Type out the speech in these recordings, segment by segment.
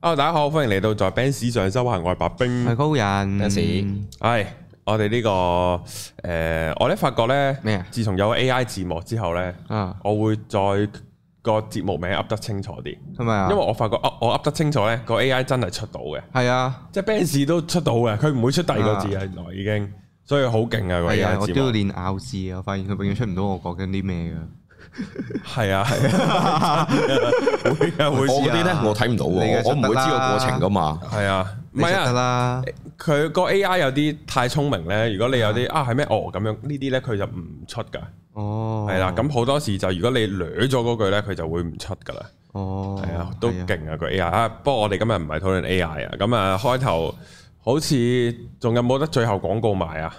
哦，Hello, 大家好，歡迎嚟到在 Benz 上修行，外白兵，係高人，係 Yes. 我哋呢、這個誒、呃，我咧發覺咧咩啊？麼自從有 AI 字幕之後咧，啊，我會再、這個節目名噏得清楚啲，係咪啊？因為我發覺噏我噏得清楚咧，這個 AI 真係出到嘅，係啊，即係 Benz 都出到嘅，佢唔會出第二個字啊，原來已經，所以好勁啊，係啊，我都要練咬字啊，我發現佢永遠出唔到我講緊啲咩嘅。嗯係啊，係啊，會啊，會啲咧，我睇唔到喎，我唔會知個過程噶嘛。係啊，唔係啊啦，佢個 A I 有啲太聰明咧。如果你有啲啊係咩哦咁樣呢啲咧，佢就唔出噶。哦，係啦。咁好多時就如果你捋咗嗰句咧，佢就會唔出噶啦。哦，係啊，都勁啊個 A I 啊。不過我哋今日唔係討論 A I 啊。咁啊，開頭好似仲有冇得最後廣告賣啊？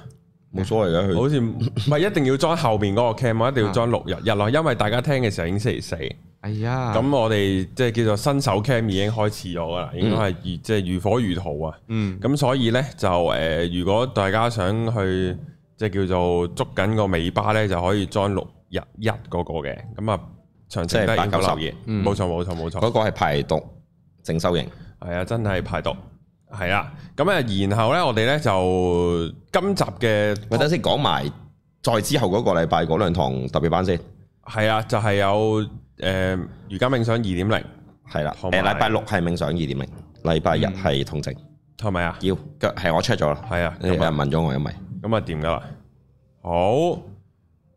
冇所謂嘅，好似唔係一定要裝後面嗰個 cam，一定要裝六日日咯，因為大家聽嘅時候已經星期四。哎呀，咁我哋即係叫做新手 cam 已經開始咗噶啦，應該係如即係如火如荼啊。嗯，咁所以咧就誒，如果大家想去即係叫做捉緊個尾巴咧，就可以裝六日一嗰個嘅。咁啊，即係八九十年。冇錯冇錯冇錯，嗰個係排毒淨修營。係啊，真係排毒。係啦，咁啊，然後咧，我哋咧就今集嘅，等陣先講埋，再之後嗰個禮拜嗰兩堂特別班先。係啊，就係有誒瑜伽冥想二點零，係啦，誒禮拜六係冥想二點零，禮拜日係痛症，係咪啊？要，係我出咗啦。係啊，你有人問咗我一咪。咁啊，掂咗啦？好，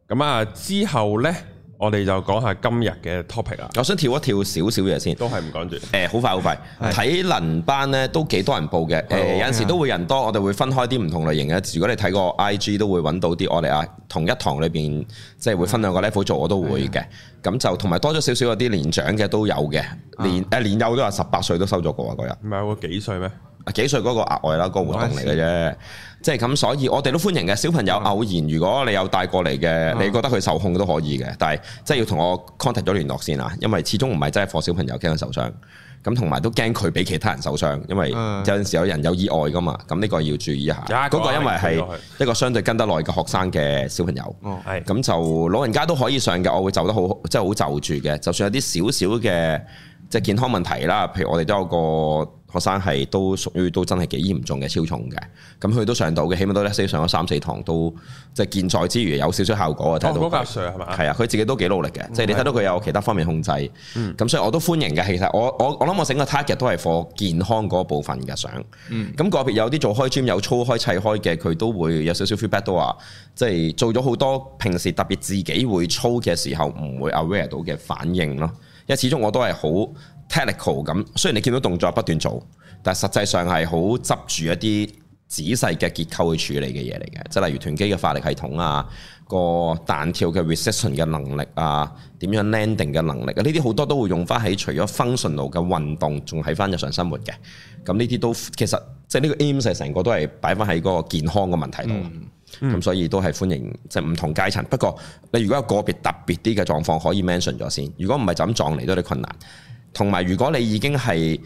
咁啊，之後咧。我哋就講下今日嘅 topic 啊！我想跳一跳少少嘢先，都係唔講住。誒、呃，好快好快，體 能班咧都幾多人報嘅。誒，有陣時都會人多，我哋會分開啲唔同類型嘅。如果你睇過 IG 都會揾到啲我哋啊同一堂裏邊，即係會分兩個 level 做，我都會嘅。咁的就同埋多咗少少嗰啲年長嘅都有嘅，年誒、啊、年幼都話十八歲都收咗過啊嗰日。唔係有個幾歲咩？幾歲嗰個額外啦，嗰個活動嚟嘅啫，即係咁，所以我哋都歡迎嘅。小朋友偶然如果你有帶過嚟嘅， 你覺得佢受控都可以嘅，但係即係要同我 contact 咗聯絡先啊，因為始終唔係真係放小朋友驚佢受傷，咁同埋都驚佢俾其他人受傷，因為有陣時有人有意外噶嘛，咁呢個要注意一下。嗰 個因為係一個相對跟得耐嘅學生嘅小朋友，咁 就老人家都可以上嘅，我會就得好即係好就住嘅，就算有啲少少嘅即係健康問題啦，譬如我哋都有個。學生係都屬於都真係幾嚴重嘅超重嘅，咁佢都上到嘅，起碼都一上咗三四堂，都即係健在之餘有少少效果啊！睇到係啊，佢、哦、自己都幾努力嘅，是即係你睇到佢有其他方面控制。咁、嗯、所以我都歡迎嘅。其實我我我諗我整個 target 都係 for 健康嗰部分嘅相。咁、嗯、個別有啲做開 gym 有操開砌開嘅，佢都會有少少 feedback 都話，即係做咗好多平時特別自己會操嘅時候唔會 aware 到嘅反應咯。因為始終我都係好。technical 咁，like, 雖然你見到動作不斷做，但實際上係好執住一啲仔細嘅結構去處理嘅嘢嚟嘅，即係例如團肌嘅發力系統啊，個彈跳嘅 recession 嘅能力啊，點樣 landing 嘅能力啊，呢啲好多都會用翻喺除咗 function 路嘅運動，仲喺翻日常生活嘅。咁呢啲都其實即係呢個 m s 成個都係擺翻喺嗰個健康嘅問題度。咁、嗯、所以都係歡迎即係唔同階層。不過你如果有個別特別啲嘅狀況，可以 mention 咗先。如果唔係就撞嚟都啲困難。同埋，如果你已經係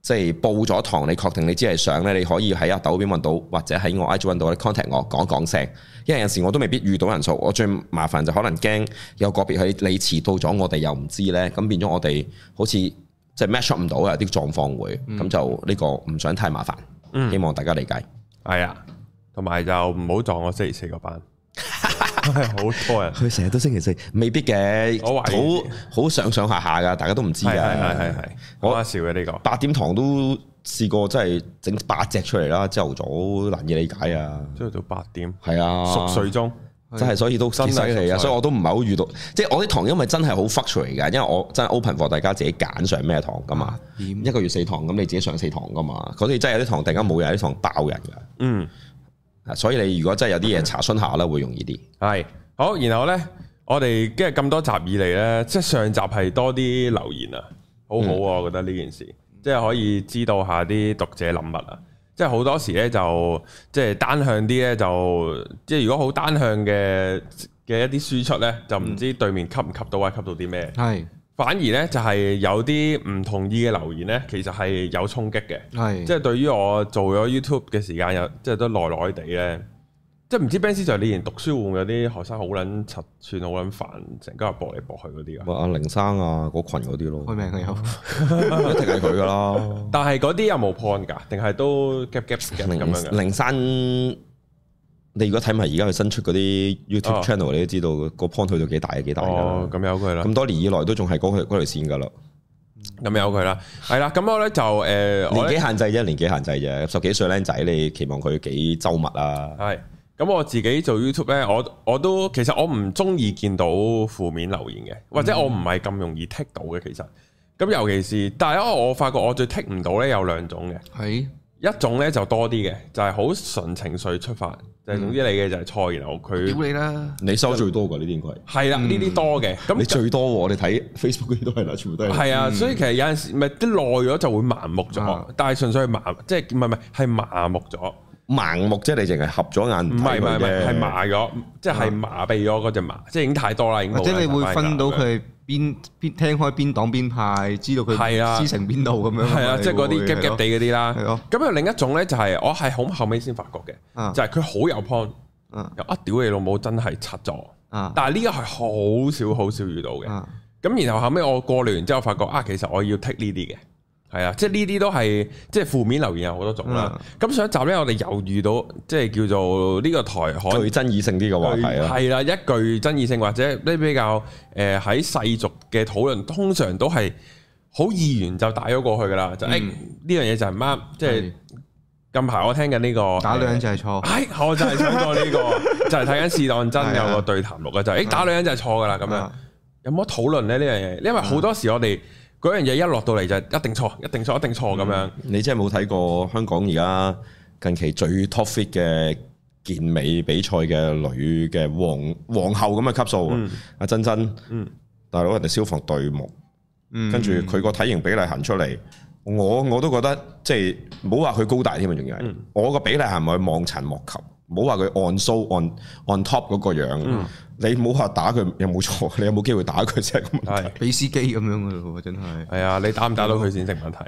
即係報咗堂，你確定你只係上咧，你可以喺阿豆邊揾到，或者喺我 I G 揾到咧 contact 我講一講聲，因為有陣時我都未必遇到人數，我最麻煩就可能驚有個別係你遲到咗，我哋又唔知咧，咁變咗我哋好似即係 match up 唔到呀啲狀況會咁、嗯、就呢個唔想太麻煩，希望大家理解係啊。同埋、嗯嗯哎、就唔好撞我星期四個班。係好多啊，佢成日都星期四，未必嘅，我好好上上下下噶，大家都唔知噶。係係係，我話笑嘅呢個八點堂都試過，真係整八隻出嚟啦。朝頭早難以理解啊，朝頭早八點，係啊，熟睡中，真係所以都犀利啊。所以我都唔係好遇到，即係我啲堂因為真係好 fuzzy 嘅，因為我真係 open for 大家自己揀上咩堂噶嘛。點一個月四堂，咁你自己上四堂噶嘛。嗰啲真係有啲堂突然間冇人，有啲堂爆人噶。嗯。所以你如果真係有啲嘢查詢下啦，嗯、會容易啲。係好，然後呢，我哋今日咁多集以嚟呢，即係上集係多啲留言啊，好好啊，嗯、我覺得呢件事即係可以知道下啲讀者諗乜啊，即係好多時呢，就即係單向啲呢，就即係如果好單向嘅嘅一啲輸出呢，就唔知對面吸唔吸到啊，吸到啲咩係。嗯。反而咧就係有啲唔同意嘅留言咧，其實係有衝擊嘅，係是即係對於我做咗 YouTube 嘅時間又即係都耐耐地咧，即係唔知 Ben 先生你以前讀書會唔會有啲學生好撚柒、寸好撚煩，成家又駁嚟駁去嗰啲啊？凌生啊，嗰羣嗰啲咯，佢咪啊有 一定係佢噶啦？但係嗰啲有冇 point 㗎？定係都夾夾夾咁樣嘅？凌生。你如果睇埋而家佢新出嗰啲 YouTube channel，你都知道個 point 去到幾大嘅幾大噶。咁、哦、有佢啦。咁多年以來都仲係嗰條嗰條線噶啦。咁有佢啦。係啦。咁我咧就誒、uh, 年紀限制啫， 呢年紀限制啫。十幾歲僆仔，你期望佢幾周密啊？係。咁我自己做 YouTube 咧，我我都其實我唔中意見到負面留言嘅，或者我唔係咁容易剔到嘅。其實咁尤其是，但係因為我發覺我最剔唔到咧有兩種嘅。係。一種咧就多啲嘅，就係、是、好純情緒出發，就係、嗯、總之你嘅就係錯，然後佢屌你啦，你收最多㗎呢啲應該係啦，呢啲、嗯、多嘅，咁你最多我哋睇 Facebook 嗰啲都係啦，全部都係。係啊，所以其實有陣時唔係啲耐咗就會盲目咗，嗯、但係純粹係盲，即係唔係唔係係麻木咗，盲目即係你淨係合咗眼，唔係唔係唔係係麻咗，即、就、係、是、麻痹咗嗰隻麻，嗯、即係已經太多啦，已經或者你會分到佢。邊邊聽開邊黨邊派，知道佢係啊師承邊路咁樣，係啊，會會即係嗰啲夾夾地嗰啲啦。係咯，咁啊，另一種咧就係我係好後尾先發覺嘅，啊、就係佢好有 point，又啊屌你老母真係柒咗。啊、但係呢個係好少好少遇到嘅。咁、啊、然後後尾我過濾完之後，發覺啊，其實我要剔呢啲嘅。係啊，即係呢啲都係即係負面留言有好多種啦。咁上一集呢，我哋又遇到即係叫做呢個台海爭議性啲嘅話題啦。係啦，一句爭議性或者呢比較誒喺世俗嘅討論，通常都係好易言就帶咗過去噶啦。就誒呢樣嘢就唔啱。即係近排我聽緊呢個打女人就係錯。係，我就係想過呢個，就係睇緊事當真有個對談錄嘅，就係打女人就係錯噶啦。咁樣有冇得討論咧呢樣嘢？因為好多時我哋。嗰樣嘢一落到嚟就一定錯，一定錯，一定錯咁、嗯、樣。你真係冇睇過香港而家近期最 top fit 嘅健美比賽嘅女嘅皇皇，皇后咁嘅級數阿、嗯啊、珍珍，嗯、大佬人哋消防隊目，嗯、跟住佢個體型比例行出嚟，我我都覺得即係冇話佢高大添啊！仲要，嗯、我個比例係咪望塵莫及？唔好話佢按蘇按按 top 嗰個樣，嗯、你唔好話打佢有冇錯，你有冇機會打佢啫？先係問題，俾司機咁樣咯，真係。係啊，你打唔打到佢先成問題，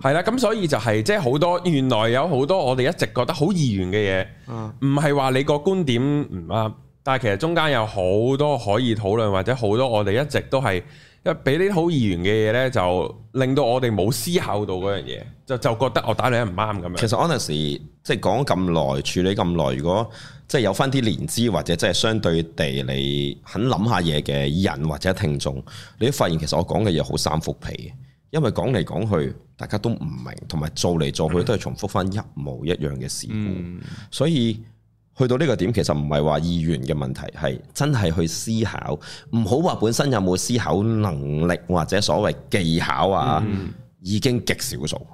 係啦、 啊，咁所以就係、係、即係好多原來有好多我哋一直覺得好二元嘅嘢，唔係話你個觀點唔啱，但係其實中間有好多可以討論，或者好多我哋一直都係。一俾啲好易言嘅嘢呢，就令到我哋冇思考到嗰樣嘢，就就覺得我打兩下唔啱咁樣。其實陣時即係講咁耐，處理咁耐，如果即係有翻啲廉知或者即係相對地你肯諗下嘢嘅人或者聽眾，你都發現其實我講嘅嘢好三幅皮，因為講嚟講去大家都唔明，同埋做嚟做去都係重複翻一模一樣嘅事故。嗯、所以。去到呢個點，其實唔係話意願嘅問題，係真係去思考，唔好話本身有冇思考能力或者所謂技巧啊，嗯、已經極少數。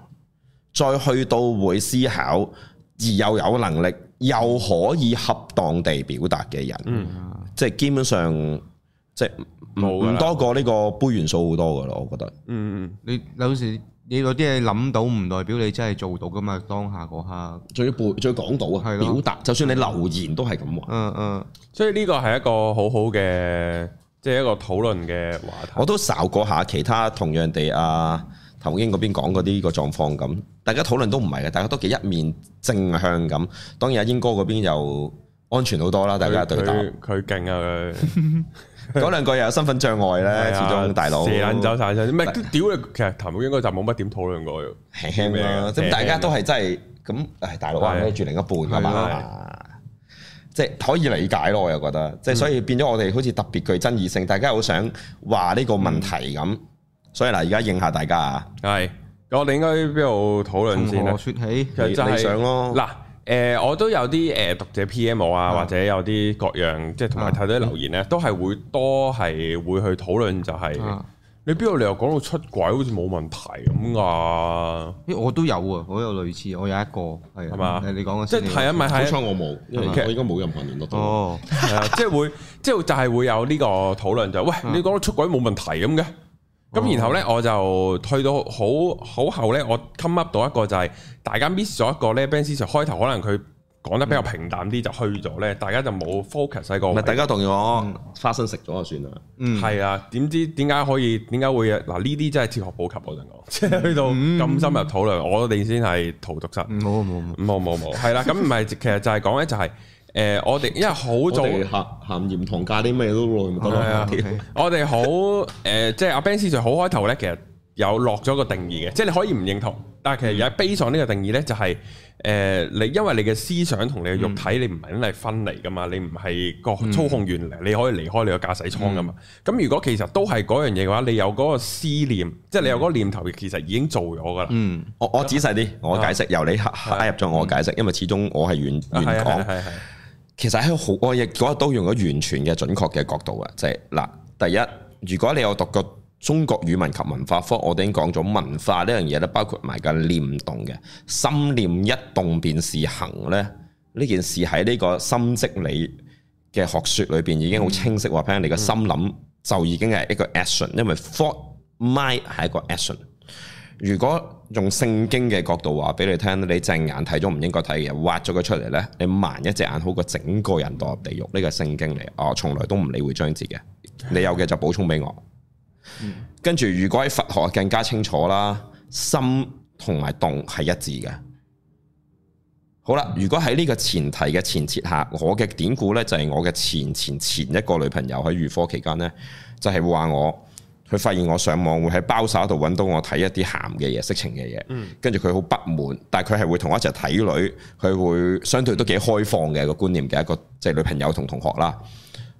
再去到會思考而又有能力又可以恰當地表達嘅人，即係、嗯、基本上即係唔多過呢個杯元素好多噶啦，我覺得。嗯嗯，你有時。你有啲嘢諗到唔代表你真係做到噶嘛？當下嗰下，仲要背，仲要講到啊，的表達。就算你留言都係咁喎。嗯嗯，所以呢個係一個好好嘅，即係一個討論嘅話題。我都搜過下其他同樣地啊，頭鷹嗰邊講嗰啲個狀況咁，大家討論都唔係嘅，大家都幾一面正向咁。當然阿鷹哥嗰邊又安全好多啦，大家對答。佢勁啊佢！ 嗰兩個又有身份障礙咧，始終大佬蛇眼走晒身，屌你，其實譚某應該就冇乜點討論過，輕微咁大家都係真係咁，唉，大佬啊孭住另一半噶嘛，即係可以理解咯，我又覺得，即係所以變咗我哋好似特別具爭議性，大家好想話呢個問題咁，所以嗱而家應下大家啊，係，我哋應該喺邊度討論先？我說起理想咯，嗱。誒、呃，我都有啲誒讀者 PM 我啊，或者有啲各樣，即係同埋睇到啲留言咧，都係會多係會去討論、就係，就係、啊、你邊度你又講到出軌，好似冇問題咁啊、欸！我都有啊，我有類似，我有一個係係咪你講嘅即係係啊，咪，係好彩我冇，因為吧我應該冇任何聯絡得到。係啊、哦 呃，即係會，即係就係、係、會有呢個討論、就係，就喂，你講到出軌冇問題咁嘅。咁然後咧，我就退到好好後咧，我 come up 到一個就係大家 miss 咗一個咧。Ben Sir 開頭可能佢講得比較平淡啲，就去咗咧，大家就冇 focus 喺個唔係大家同意我花生食咗就算啦。嗯，係啊，點知點解可以點解會嗱呢啲真係哲學補給我哋講，即係去到咁深入討論，我哋先係荼毒室。冇冇冇冇冇冇，係啦，咁唔係其實就係講咧，就係。誒，我哋、呃、因為好早，鹹鹹鹽糖加啲咩都落咪得我哋好誒，即係阿 Ben s i r 好開頭咧，其實有落咗個定義嘅，即、就、係、是、你可以唔認同，但係其實家悲上呢個定義咧、就是，就係誒，你因為你嘅思想同你嘅肉體，你唔係真係分離噶嘛，你唔係個操控源嚟，你可以離開你個駕駛艙噶嘛。咁如果其實都係嗰樣嘢嘅話，你有嗰個思念，即、就、係、是、你有嗰個念頭，其實已經做咗噶啦。嗯，我我仔細啲，我解釋由你加入咗我嘅解釋，因為始終我係原原講。其實喺好，我亦嗰日都用咗完全嘅準確嘅角度啊，即係嗱，第一，如果你有讀過中國語文及文化科，我哋已經講咗文化呢樣嘢咧，包括埋個念動嘅心念一動便是行咧，呢件事喺呢個心即理嘅學說裏邊已經好清晰話翻，嗯、你個心諗就已經係一個 action，因為 thought mind 係一個 action。如果用聖經嘅角度話俾你聽，你隻眼睇咗唔應該睇嘅，挖咗佢出嚟呢，你盲一隻眼好過整個人墮入地獄。呢個聖經嚟，我、哦、從來都唔理會章節嘅。你有嘅就補充俾我。跟住，如果喺佛學更加清楚啦，心同埋動係一致嘅。好啦，如果喺呢個前提嘅前設下，我嘅典故呢，就係我嘅前前前一個女朋友喺預科期間呢，就係、是、話我。佢發現我上網會喺 browser 度揾到我睇一啲鹹嘅嘢、色情嘅嘢，嗯、跟住佢好不滿，但係佢係會同我一齊睇女，佢會相對都幾開放嘅、嗰個觀念嘅一個即係、就是、女朋友同同學啦。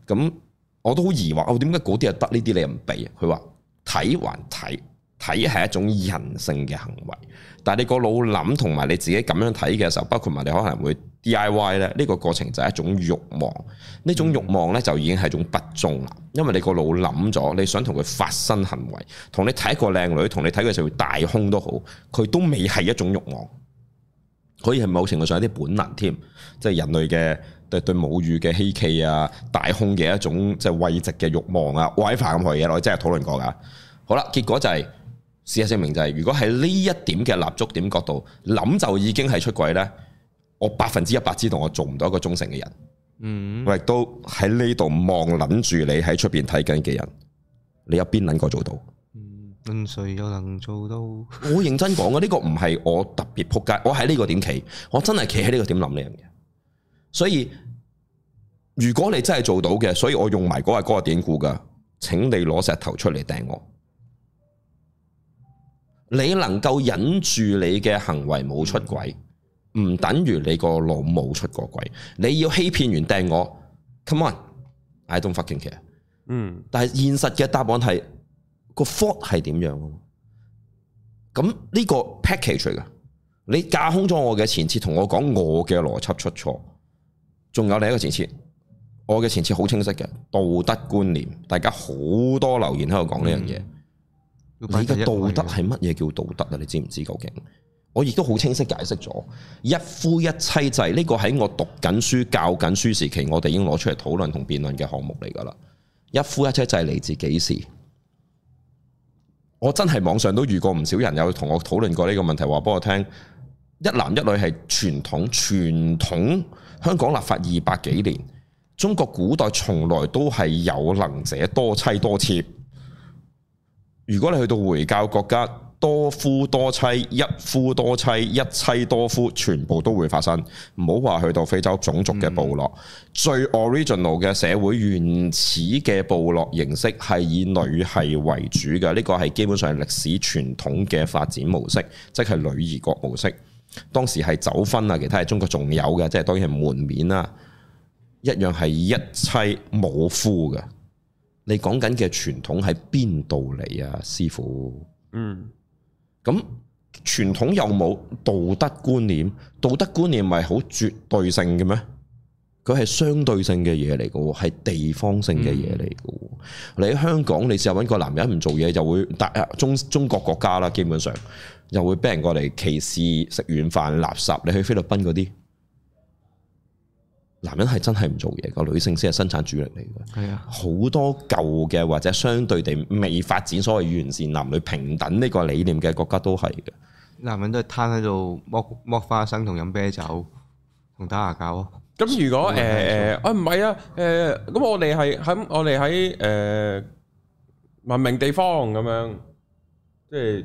咁我都好疑惑，哦，點解嗰啲就得呢啲你又唔俾？佢話睇還睇，睇係一種人性嘅行為，但係你個腦諗同埋你自己咁樣睇嘅時候，包括埋你可能會。D.I.Y. 咧，呢個過程就係一種慾望，呢種慾望呢，就已經係一種不忠啦。因為你個腦諗咗，你想同佢發生行為，同你睇一個靚女，同你睇佢成日大胸都好，佢都未係一種慾望，可以係某程度上有啲本能添，即係人類嘅對，對母語嘅希冀啊，大胸嘅一種即係慰藉嘅慾望啊，WiFi 咁樣嘢，我哋真係討論過噶。好啦，結果就係事實證明就係、是，如果喺呢一點嘅立足點角度諗就已經係出軌呢。我百分之一百知道我做唔到一個忠誠嘅人，嗯、我亦都喺呢度望諗住你喺出面睇緊嘅人，你有邊個能夠做到？嗯，誰又能做到？我認真講嘅呢個唔係我特別撲街，我喺呢個點企，我真係企喺呢個點諗呢樣嘢。所以如果你真係做到嘅，所以我用埋嗰個典故㗎，請你攞石頭出嚟掟我。你能夠忍住你嘅行為冇出軌？嗯嗯唔等於你個老母出過軌，你要欺騙完掟我，come on，I don't fucking care。嗯，但係現實嘅答案係個 fault 係點樣啊？咁呢個 package 嚟噶，你架空咗我嘅前設，同我講我嘅邏輯出錯，仲有另一個前設，我嘅前設好清晰嘅道德觀念，大家好多留言喺度講呢樣嘢。嗯、你嘅道德係乜嘢叫道德啊？你知唔知究竟？我亦都好清晰解釋咗一夫一妻制呢個，喺我讀緊書教緊書時期，我哋已經攞出嚟討論同辯論嘅項目嚟噶啦。一夫一妻制嚟、這個、自幾時？我真係網上都遇過唔少人有同我討論過呢個問題，話俾我聽一男一女係傳統傳統香港立法二百幾年，中國古代從來都係有能者多妻多妾。如果你去到回教國家。多夫多妻、一夫多妻、一妻多夫，全部都會發生。唔好話去到非洲種族嘅部落，嗯、最 original 嘅社會原始嘅部落形式係以女系為主嘅。呢、這個係基本上歷史傳統嘅發展模式，即係女兒國模式。當時係走婚啊，其他係中國仲有嘅，即係當然係門面啦。一樣係一妻冇夫嘅。你講緊嘅傳統喺邊度嚟啊，師傅？嗯。咁傳統又冇道德觀念？道德觀念唔係好絕對性嘅咩？佢係相對性嘅嘢嚟噶，係地方性嘅嘢嚟噶。嗯、你喺香港，你試下搵個男人唔做嘢，就會大中中國國家啦，基本上又會俾人過嚟歧視，食軟飯垃圾。你去菲律賓嗰啲。男人係真係唔做嘢，個女性先係生產主力嚟嘅。係啊的，好多舊嘅或者相對地未發展所謂完善男女平等呢個理念嘅國家都係嘅。男人都係攤喺度剝剝花生同飲啤酒同打牙鉸。咁、嗯、如果誒誒，哎唔係啊，誒咁、啊呃、我哋係喺我哋喺誒文明地方咁樣，即係。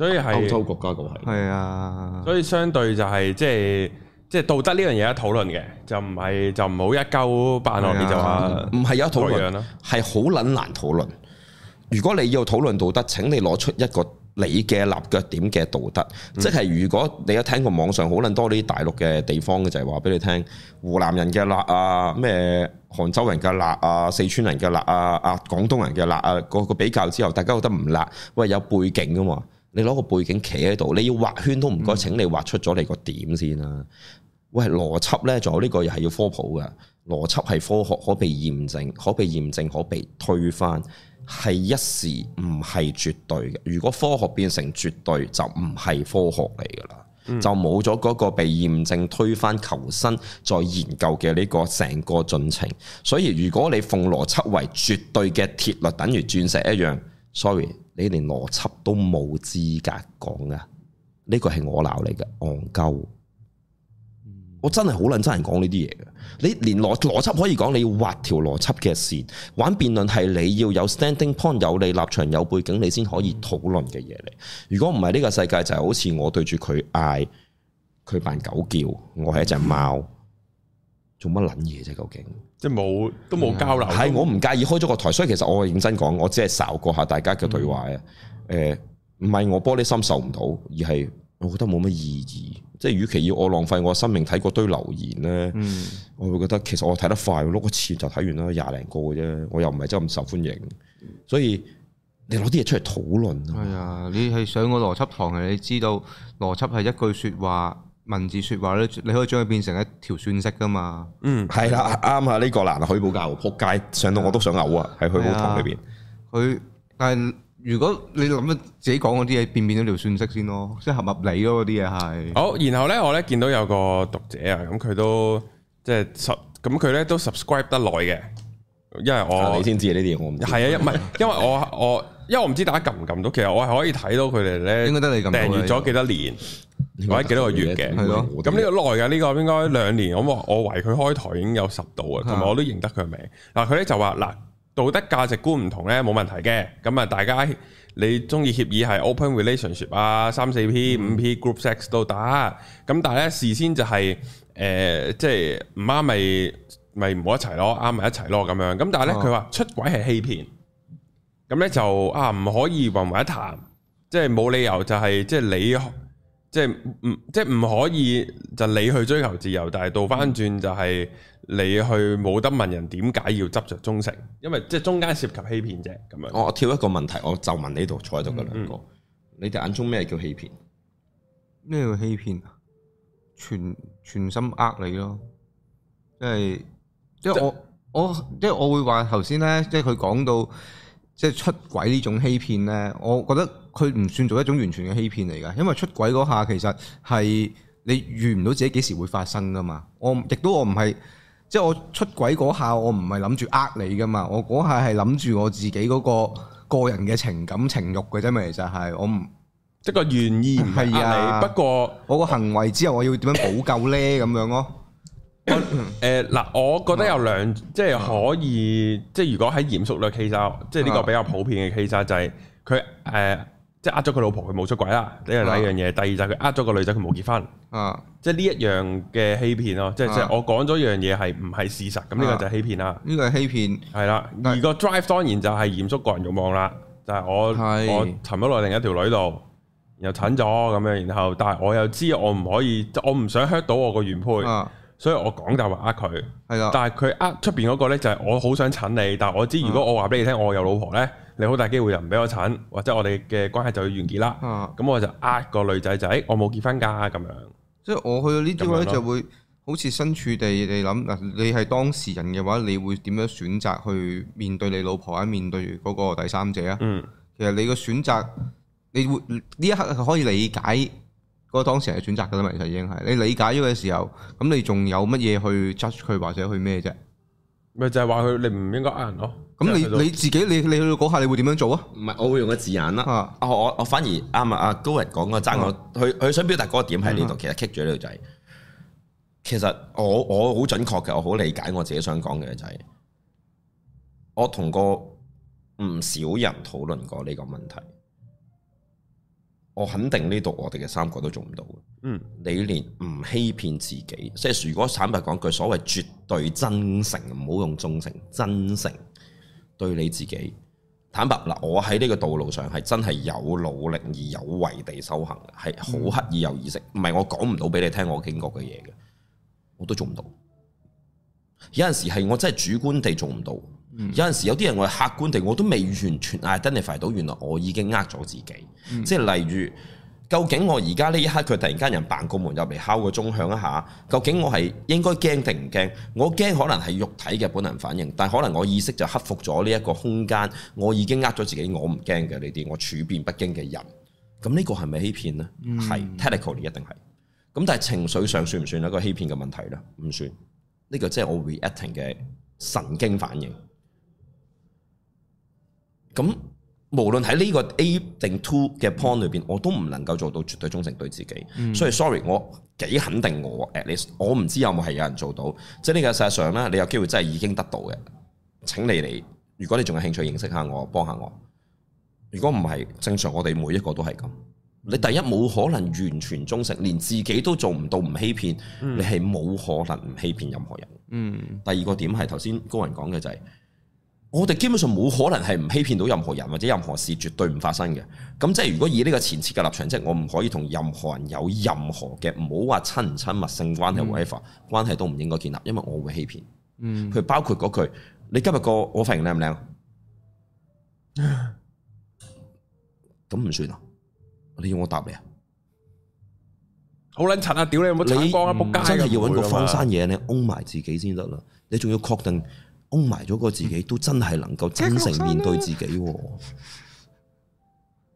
所以係歐洲國家咁係，係啊，所以相對就係即係即係道德呢樣嘢一討論嘅，就唔係就唔好一鳩辦落嚟就，唔係有討論，係好撚難討論。如果你要討論道德，請你攞出一個你嘅立腳點嘅道德，嗯、即係如果你有聽過網上好撚多呢啲大陸嘅地方嘅，就係話俾你聽，湖南人嘅辣啊，咩杭州人嘅辣啊，四川人嘅辣啊，啊廣東人嘅辣啊，個個比較之後，大家覺得唔辣，喂有背景噶嘛。你攞個背景企喺度，你要畫圈都唔該。請你畫出咗你個點先啦、啊。喂，邏輯呢？仲有呢個又係要科普㗎。邏輯係科學，可被驗證，可被驗證，可被推翻，係一時唔係絕對嘅。如果科學變成絕對，就唔係科學嚟噶啦，嗯、就冇咗嗰個被驗證、推翻、求新、再研究嘅呢個成個進程。所以如果你奉邏輯為絕對嘅鐵律，等於鑽石一樣。Sorry。你連邏輯都冇資格講㗎，呢個係我鬧你嘅戇鳩。我真係好撚憎人講呢啲嘢。你連邏邏輯可以講，你要畫條邏輯嘅線。玩辯論係你要有 standing point，有你立場，有背景，你先可以討論嘅嘢嚟。如果唔係，呢個世界就係好似我對住佢嗌，佢扮狗叫，我係一隻貓。嗯做乜撚嘢啫？究竟即係冇都冇交流，嗯。係我唔介意開咗個台，所以其實我認真講，我只係掃過下大家嘅對話啊。誒、呃，唔係我玻璃心受唔到，而係我覺得冇乜意義。即係與其要我浪費我生命睇嗰堆留言咧，嗯，我會覺得其實我睇得快，碌個次就睇完啦，廿零個嘅啫。我又唔係真咁受歡迎，所以你攞啲嘢出嚟討論。係、嗯、啊，你係上過邏輯堂嘅，你知道邏輯係一句說話。文字說話咧，你可以將佢變成一條訊息噶嘛？嗯，係啦，啱啊，呢個難啊，許寶教扑街，上到我都想嘔啊！喺許寶堂裏邊，佢，但係如果你諗自己講嗰啲嘢，變變咗條訊息先咯，即係合合理咯，嗰啲嘢係。好，然後咧，我咧見到有個讀者啊，咁佢都即係咁佢咧都 subscribe 得耐嘅，因為我你先知呢啲我唔知啊，唔係，因為我我因為我唔知大家撳唔撳到，其實我係可以睇到佢哋咧，應該得你撳訂閱咗幾多年，或者幾多個月嘅，咁呢的個耐嘅呢個應該兩年。咁我我為佢開台已經有十度嘅，同埋我都認得佢名。嗱佢咧就話嗱，道德價值觀唔同呢，冇問題嘅。咁啊，大家你中意協議係 open relationship 啊，三四 P、五 P、group sex 都打。咁但係咧事先就係、是、誒、呃，即係唔啱咪咪唔好一齊咯，啱咪一齊咯咁樣。咁但係咧佢話出軌係欺騙，咁咧就啊唔可以混為一談，即係冇理由就係、是、即係你。即係唔即係唔可以就你去追求自由，但係倒翻轉就係你去冇得問人點解要執着忠誠，因為即係中間涉及欺騙啫咁樣。我、哦、我跳一個問題，我就問呢度坐喺度嘅兩個，嗯嗯、你哋眼中咩叫欺騙？咩叫欺騙？全全心呃你咯，即係即係即係我我即係我會話頭先咧，即係佢講到。即係出軌呢種欺騙呢，我覺得佢唔算做一種完全嘅欺騙嚟㗎，因為出軌嗰下其實係你預唔到自己幾時會發生㗎嘛。我亦都我唔係，即係我出軌嗰下我唔係諗住呃你㗎嘛，我嗰下係諗住我自己嗰個個人嘅情感情慾嘅啫，咪其實係我唔即個原意唔呃你，不過我個行為之後我要點樣補救呢？咁樣咯。我誒，嗱，我覺得有兩即係可以，啊、即係如果喺嚴肅嘅 case，即係呢個比較普遍嘅 case 就係佢誒，即係呃咗佢老婆，佢冇出軌啦。呢樣第一樣嘢，第二就係佢呃咗個女仔，佢冇結婚。啊、即係呢、就是、一樣嘅欺騙咯。即係即係我講咗一樣嘢係唔係事實，咁呢個就係欺騙啦。呢個係欺騙。係啦的，而個 drive 當然就係嚴肅個人欲望啦。就係、是、我的我沉咗落另一條女度，又診咗咁樣，然後但係我又知我唔可以，我唔想 hurt 到我個原配。所以我講的就話呃佢，但係佢呃出邊嗰個咧就係我好想襯你，但係我知如果我話俾你聽我有老婆咧，嗯、你好大機會又唔俾我襯，或者我哋嘅關係就要完結啦。咁、嗯、我就呃個女仔仔，我冇結婚㗎咁樣。所以我去到呢啲咧就會好似身處地你諗嗱，你係當事人嘅話，你會點樣選擇去面對你老婆啊？面對嗰個第三者啊？嗯、其實你嘅選擇，你會呢一刻可以理解。嗰個當時係選擇㗎喇嘛，其實已經係你理解咗嘅時候，咁你仲有乜嘢去 judge 佢或者去咩啫？咪就係話佢你唔應該呃人咯。咁你就你自己你你去嗰下，你，你，你會點樣做啊？唔係，我會用個字眼啦。啊，哦、我我反而啱啊！阿高人講嘅爭我，佢佢想表達嗰個點喺呢度，其實棘住 kick 咗呢條仔。其實我我好準確嘅，我好理解我自己想講嘅就係、是，我同過唔少人討論過呢個問題。我肯定呢度，我哋嘅三個都做唔到嘅。嗯，你連唔欺騙自己，即係如果坦白講句，所謂絕對真誠，唔好用忠誠，真誠對你自己。坦白嗱，我喺呢個道路上係真係有努力而有為地修行嘅，係好刻意有意識。唔係我講唔到俾你聽我經過嘅嘢嘅，我都做唔到。有陣時係我真係主觀地做唔到。有陣時有啲人我係客觀地，我都未完全 identify 到，原來我已經呃咗自己。嗯、即係例如，究竟我而家呢一刻，佢突然間人扮個門入嚟敲個鐘響一下，究竟我係應該驚定唔驚？我驚可能係肉體嘅本能反應，但可能我意識就克服咗呢一個空間，我已經呃咗自己，我唔驚嘅呢啲，我處變不驚嘅人。咁呢個係咪欺騙呢？係、嗯、technical，一定係。咁但係情緒上算唔算一個欺騙嘅問題呢？唔算，呢、呢個即係我 reacting 嘅神經反應。咁無論喺呢個 A 定 Two 嘅 point 裏邊，我都唔能夠做到絕對忠誠對自己，嗯、所以 sorry，我幾肯定我 at least，我唔知有冇係有人做到，即係呢個事實上咧，你有機會真係已經得到嘅，請你嚟，如果你仲有興趣認識下我，幫下我。如果唔係，正常我哋每一個都係咁。你第一冇可能完全忠誠，連自己都做唔到唔欺騙，你係冇可能唔欺騙任何人。嗯。第二個點係頭先高人講嘅就係、是。我哋基本上冇可能係唔欺騙到任何人，或者任何事絕對唔發生嘅。咁即係如果以呢個前設嘅立場，即係我唔可以同任何人有任何嘅，唔好話親唔親密性關係 whatever 關係都唔應該建立，因為我會欺騙。嗯。譬如包括嗰句，你今日個我髮型靚唔靚？咁唔 算啊！你要我答你啊？好撚襯啊！屌你有冇、啊、你，不你真係要揾個荒山野嶺 o 埋自己先得啦！你仲要確定？封埋咗個自己，都真係能夠真誠面對自己。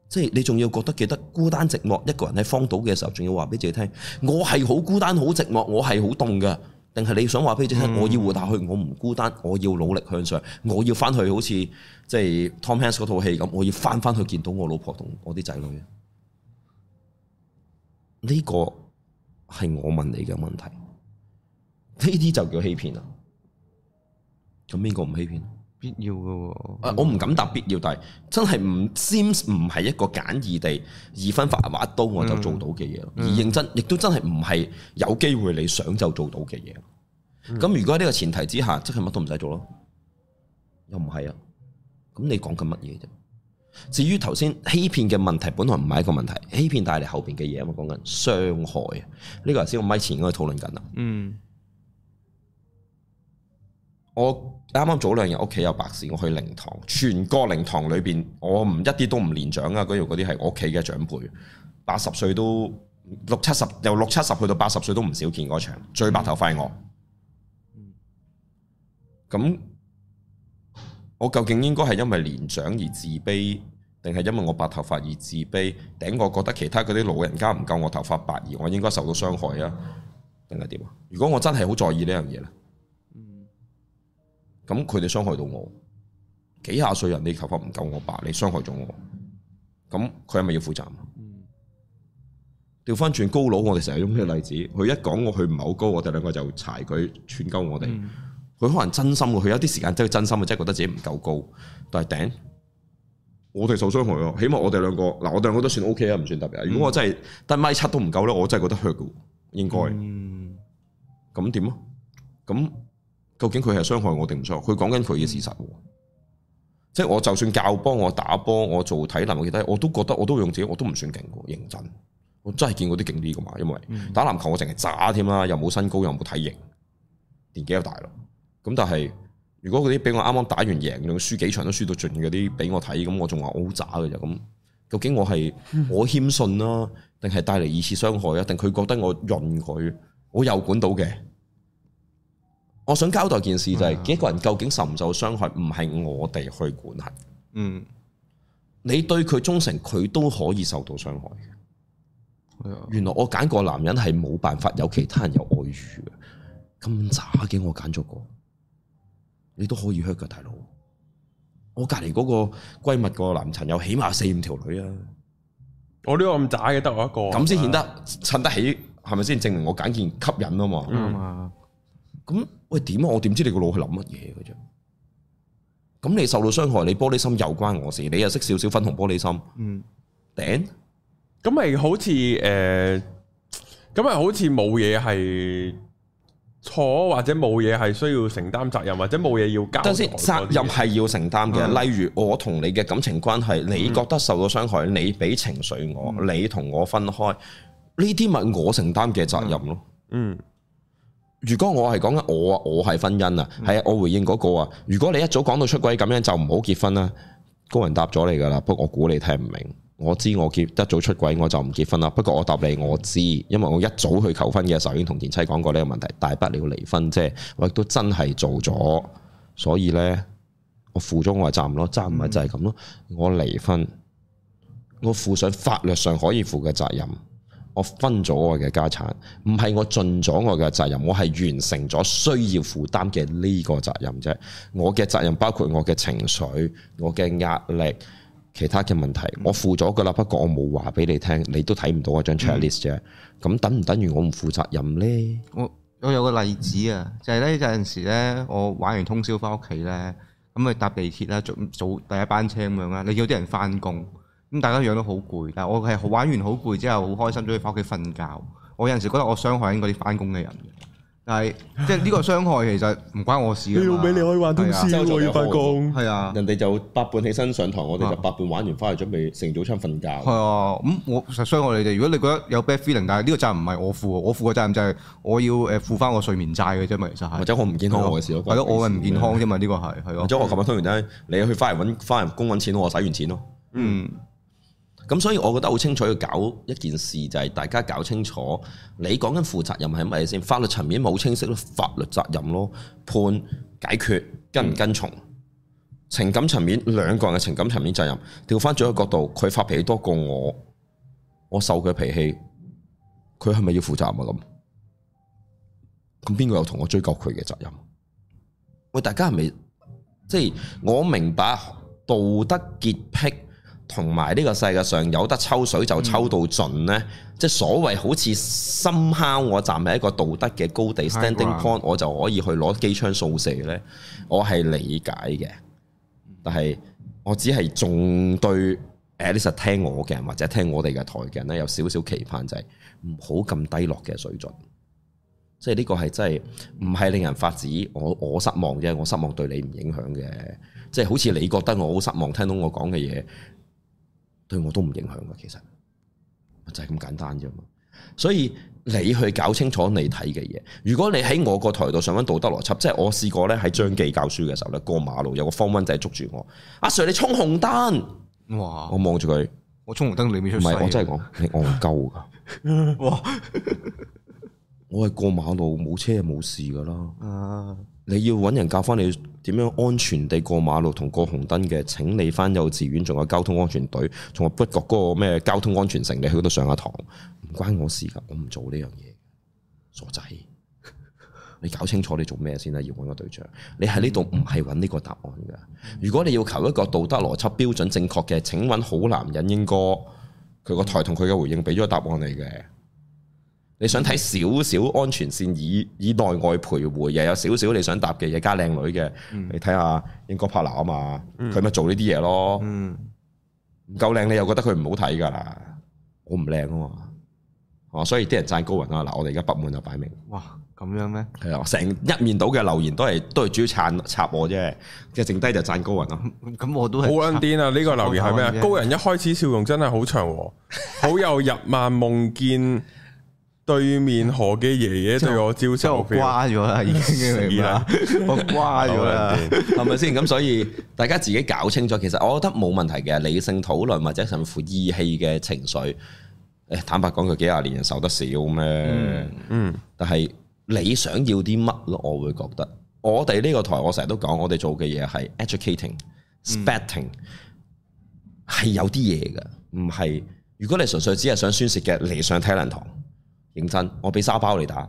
即係你仲要覺得覺得孤單寂寞，一個人喺荒島嘅時候，仲要話俾自己聽，我係好孤單好寂寞，我係好凍嘅。定係你想話俾自己聽，我要活下去，我唔孤單，我要努力向上，我要翻去好，好似即係 Tom Hanks 嗰套戲咁，我要翻翻去見到我老婆同我啲仔女。呢、這個係我問你嘅問題，呢啲就叫欺騙啦。咁邊個唔欺騙？必要嘅喎、啊，我唔敢答必要，但係真係唔 s 唔係一個簡易地二分法話一刀我就做到嘅嘢，嗯、而認真亦都真係唔係有機會你想就做到嘅嘢。咁、嗯、如果喺呢個前提之下，即係乜都唔使做咯，又唔係啊？咁你講緊乜嘢啫？至於頭先欺騙嘅問題，本來唔係一個問題，欺騙帶嚟後邊嘅嘢啊嘛，講緊傷害。呢、呢個係先，我咪前嗰度討論緊啊。嗯。我啱啱早兩日屋企有白事，我去靈堂，全個靈堂裏面，我唔一啲都唔年長啊，嗰條嗰啲係我屋企嘅長輩，八十歲都六七十由六七十去到八十歲都唔少見嗰場，最白頭髮係我。咁我究竟應該係因為年長而自卑，定係因為我白頭髮而自卑？頂，我覺得其他嗰啲老人家唔夠我頭髮白，而我應該受到傷害啊？定係點啊？如果我真係好在意呢樣嘢咁佢哋傷害到我，幾廿歲人你頭髮唔夠我白，你傷害咗我，咁佢係咪要負責？調翻轉高佬，我哋成日用呢個例子，佢、嗯、一講我佢唔係好高，我哋兩個就柴佢，串鳩我哋。佢、嗯、可能真心喎，佢有啲時間真係真心嘅，即係覺得自己唔夠高，但係頂，嗯、我哋受傷害喎。起碼我哋兩個，嗱我哋兩個都算 OK 啊、嗯，唔算特別。如果我真係得米七都唔夠咧，我真係覺得佢應該。咁點啊？咁、嗯。究竟佢係傷害我定唔傷害？佢講緊佢嘅事實，嗯、即係我就算教波，我打波，我做體能，我其他我都覺得，我都用自己，我都唔算勁，認真，我真係見過嗰啲勁啲噶嘛。因為打籃球我淨係渣添啦，又冇身高，又冇體型，年紀又大咯。咁但係如果嗰啲俾我啱啱打完贏咗，輸幾場都輸到盡嗰啲俾我睇，咁我仲話我好渣嘅啫咁。究竟我係我謙遜啦，定係帶嚟二次傷害啊？定佢覺得我潤佢，我又管到嘅。我想交代件事就係、是，幾、嗯、個人究竟受唔受傷害，唔係我哋去管係。嗯，你對佢忠誠，佢都可以受到傷害嘅。嗯、原來我揀個男人係冇辦法有其他人有外遇，咁渣嘅我揀咗個，你都可以去噶大佬。我隔籬嗰個閨蜜個男朋友起碼四五條女啊。我呢個咁渣嘅得我一個，咁先顯得襯得起，係咪先？證明我揀件吸引啊嘛。嗯嗯咁喂點啊？我點知你個腦係諗乜嘢嘅啫？咁你受到傷害，你玻璃心又關我事？你又識少少粉紅玻璃心？嗯，頂。咁咪好似誒，咁咪好似冇嘢係錯，或者冇嘢係需要承擔責任，或者冇嘢要交代。但係先責任係要承擔嘅，例如我同你嘅感情關係，你覺得受到傷害，你俾情緒我，你同我分開，呢啲咪我承擔嘅責任咯？嗯。如果我係講緊我啊，我係婚姻啊，係啊，我回應嗰個啊。如果你一早講到出軌咁樣，就唔好結婚啦，啊。高人答咗你噶啦，不過我估你聽唔明。我知我結一早出軌，我就唔結婚啦。不過我答你，我知，因為我一早去求婚嘅時候已經同前妻講過呢個問題，大不了離婚，即係我亦都真係做咗，所以呢，我負咗我嘅責任咯，責任咪就係咁咯，我離婚，我負上法律上可以負嘅責任。我分咗我嘅家產，唔係我盡咗我嘅責任，我係完成咗需要負擔嘅呢個責任啫。我嘅責任包括我嘅情緒、我嘅壓力、其他嘅問題，我負咗嗰粒，不過我冇話俾你聽，你都睇唔到我張 check list 啫。咁、嗯、等唔等於我唔負責任呢？我我有個例子啊，就係呢。有陣時呢，我玩完通宵翻屋企呢，咁咪搭地鐵啦，早第一班車咁樣啦，你叫啲人翻工。咁大家樣得好攰，但係我係玩完好攰之後好開心，都要翻屋企瞓覺。我有陣時覺得我傷害緊嗰啲翻工嘅人嘅，但係即係呢個傷害其實唔關我事㗎，要俾你可以玩點先喎？要翻工係啊，人哋就八半起身上堂，我哋就八半玩完翻去準備成早餐瞓覺。係啊，咁我實傷害你哋。如果你覺得有 bad feeling，但係呢個責任唔係我負，我負嘅責任就係我要誒負翻我睡眠債嘅啫嘛。其實係或者我唔健康我嘅事咯，或者我係唔健康啫嘛。呢個係係啊。或者我琴日通完單，你去翻嚟揾翻人工揾錢，我使完錢咯。嗯。咁所以，我覺得好清楚要搞一件事，就係、是、大家搞清楚，你講緊負責任係乜嘢先？法律層面好清晰咯，法律責任咯，判解決跟唔跟從。情感層面，兩個人嘅情感層面責任，調翻轉個角度，佢發脾氣多過我，我受佢嘅脾氣，佢係咪要負責任啊？咁，咁邊個有同我追究佢嘅責任？喂，大家係咪即係我明白道德潔癖？同埋呢個世界上有得抽水就抽到盡呢，嗯、即係所謂好似深敲我站喺一個道德嘅高地 standing point，我就可以去攞機槍掃射呢。我係理解嘅。但係我只係仲對 at least 聽我嘅人或者聽我哋嘅台嘅人呢，有少少期盼就係唔好咁低落嘅水準。即係呢個係真係唔係令人發指，我我失望啫，我失望對你唔影響嘅。即係好似你覺得我好失望，聽到我講嘅嘢。對我都唔影響嘅，其實就係咁簡單啫嘛。所以你去搞清楚你睇嘅嘢。如果你喺我個台度上緊道德邏輯，即係我試過咧，喺張記教書嘅時候咧，過馬路有個方蚊仔捉住我，阿、啊、Sir 你沖紅燈哇！我望住佢，我沖紅燈裏面？唔係我真係講你戇鳩噶哇！ 我係過馬路冇車冇事噶啦。啊你要揾人教返你點樣安全地過馬路同過紅燈嘅？請你返幼稚園，仲有交通安全隊，仲有北角嗰個咩交通安全城，你去嗰度上下堂。唔關我事噶，我唔做呢樣嘢。傻仔，你搞清楚你做咩先啦？要揾個隊長，你喺呢度唔係揾呢個答案噶。如果你要求一個道德邏輯標準正確嘅，請揾好男人英哥，佢個台同佢嘅回應畀咗答案你嘅。你想睇少少安全線以以內外徘徊，又有少少你想搭嘅嘢，加靚女嘅，你睇下英國帕娜啊嘛，佢咪、嗯、做呢啲嘢咯？唔、嗯、夠靚，你又覺得佢唔好睇噶啦，我唔靚啊嘛，啊，所以啲人讚高雲啊，嗱，我哋而家北門就擺明，哇，咁樣咩？係啊，成一面倒嘅留言都係都係主要撐插我啫，即係剩低就讚高雲咯。咁、嗯、我都好癲啊！呢、呢個留言係咩啊？高雲，高雲一開始笑容真係好長和，好 有日漫夢見。對面河嘅爺爺對我照出 我瓜咗啦，已經啦， 我瓜咗啦，係咪先？咁所以大家自己搞清楚。其實我覺得冇問題嘅，理性討論或者甚乎義氣嘅情緒。誒、哎，坦白講，佢幾廿年人受得少咩？嗯，但係你想要啲乜咯？我會覺得，我哋呢個台，我成日都講，我哋做嘅嘢係 educating、嗯、sparking 係有啲嘢嘅，唔係。如果你純粹只係想宣洩嘅，嚟上體能堂。認真，我俾沙包你打，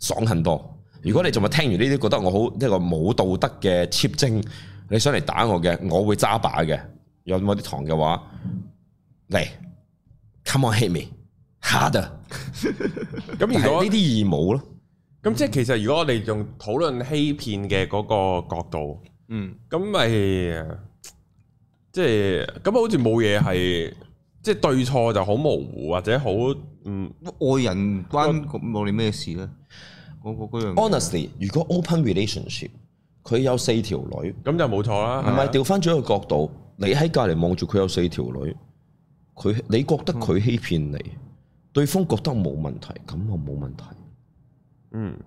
爽很多。如果你仲未聽完呢啲，覺得我好一個冇道德嘅 cheap 精，你想嚟打我嘅，我會揸把嘅。有我啲糖嘅話，嚟 come on hit me harder。咁如果呢啲二冇咯，咁 即係其實如果我哋用討論欺騙嘅嗰個角度，嗯，咁咪即係咁好似冇嘢係。即係對錯就好模糊，或者好嗯，外人關我哋咩事咧？個 樣 Honestly，如果 open relationship，佢有四條女，咁就冇錯啦。唔係，調翻轉一個角度，你喺隔籬望住佢有四條女，佢，你覺得佢欺騙你，對方覺得冇問題，咁我冇問題。嗯，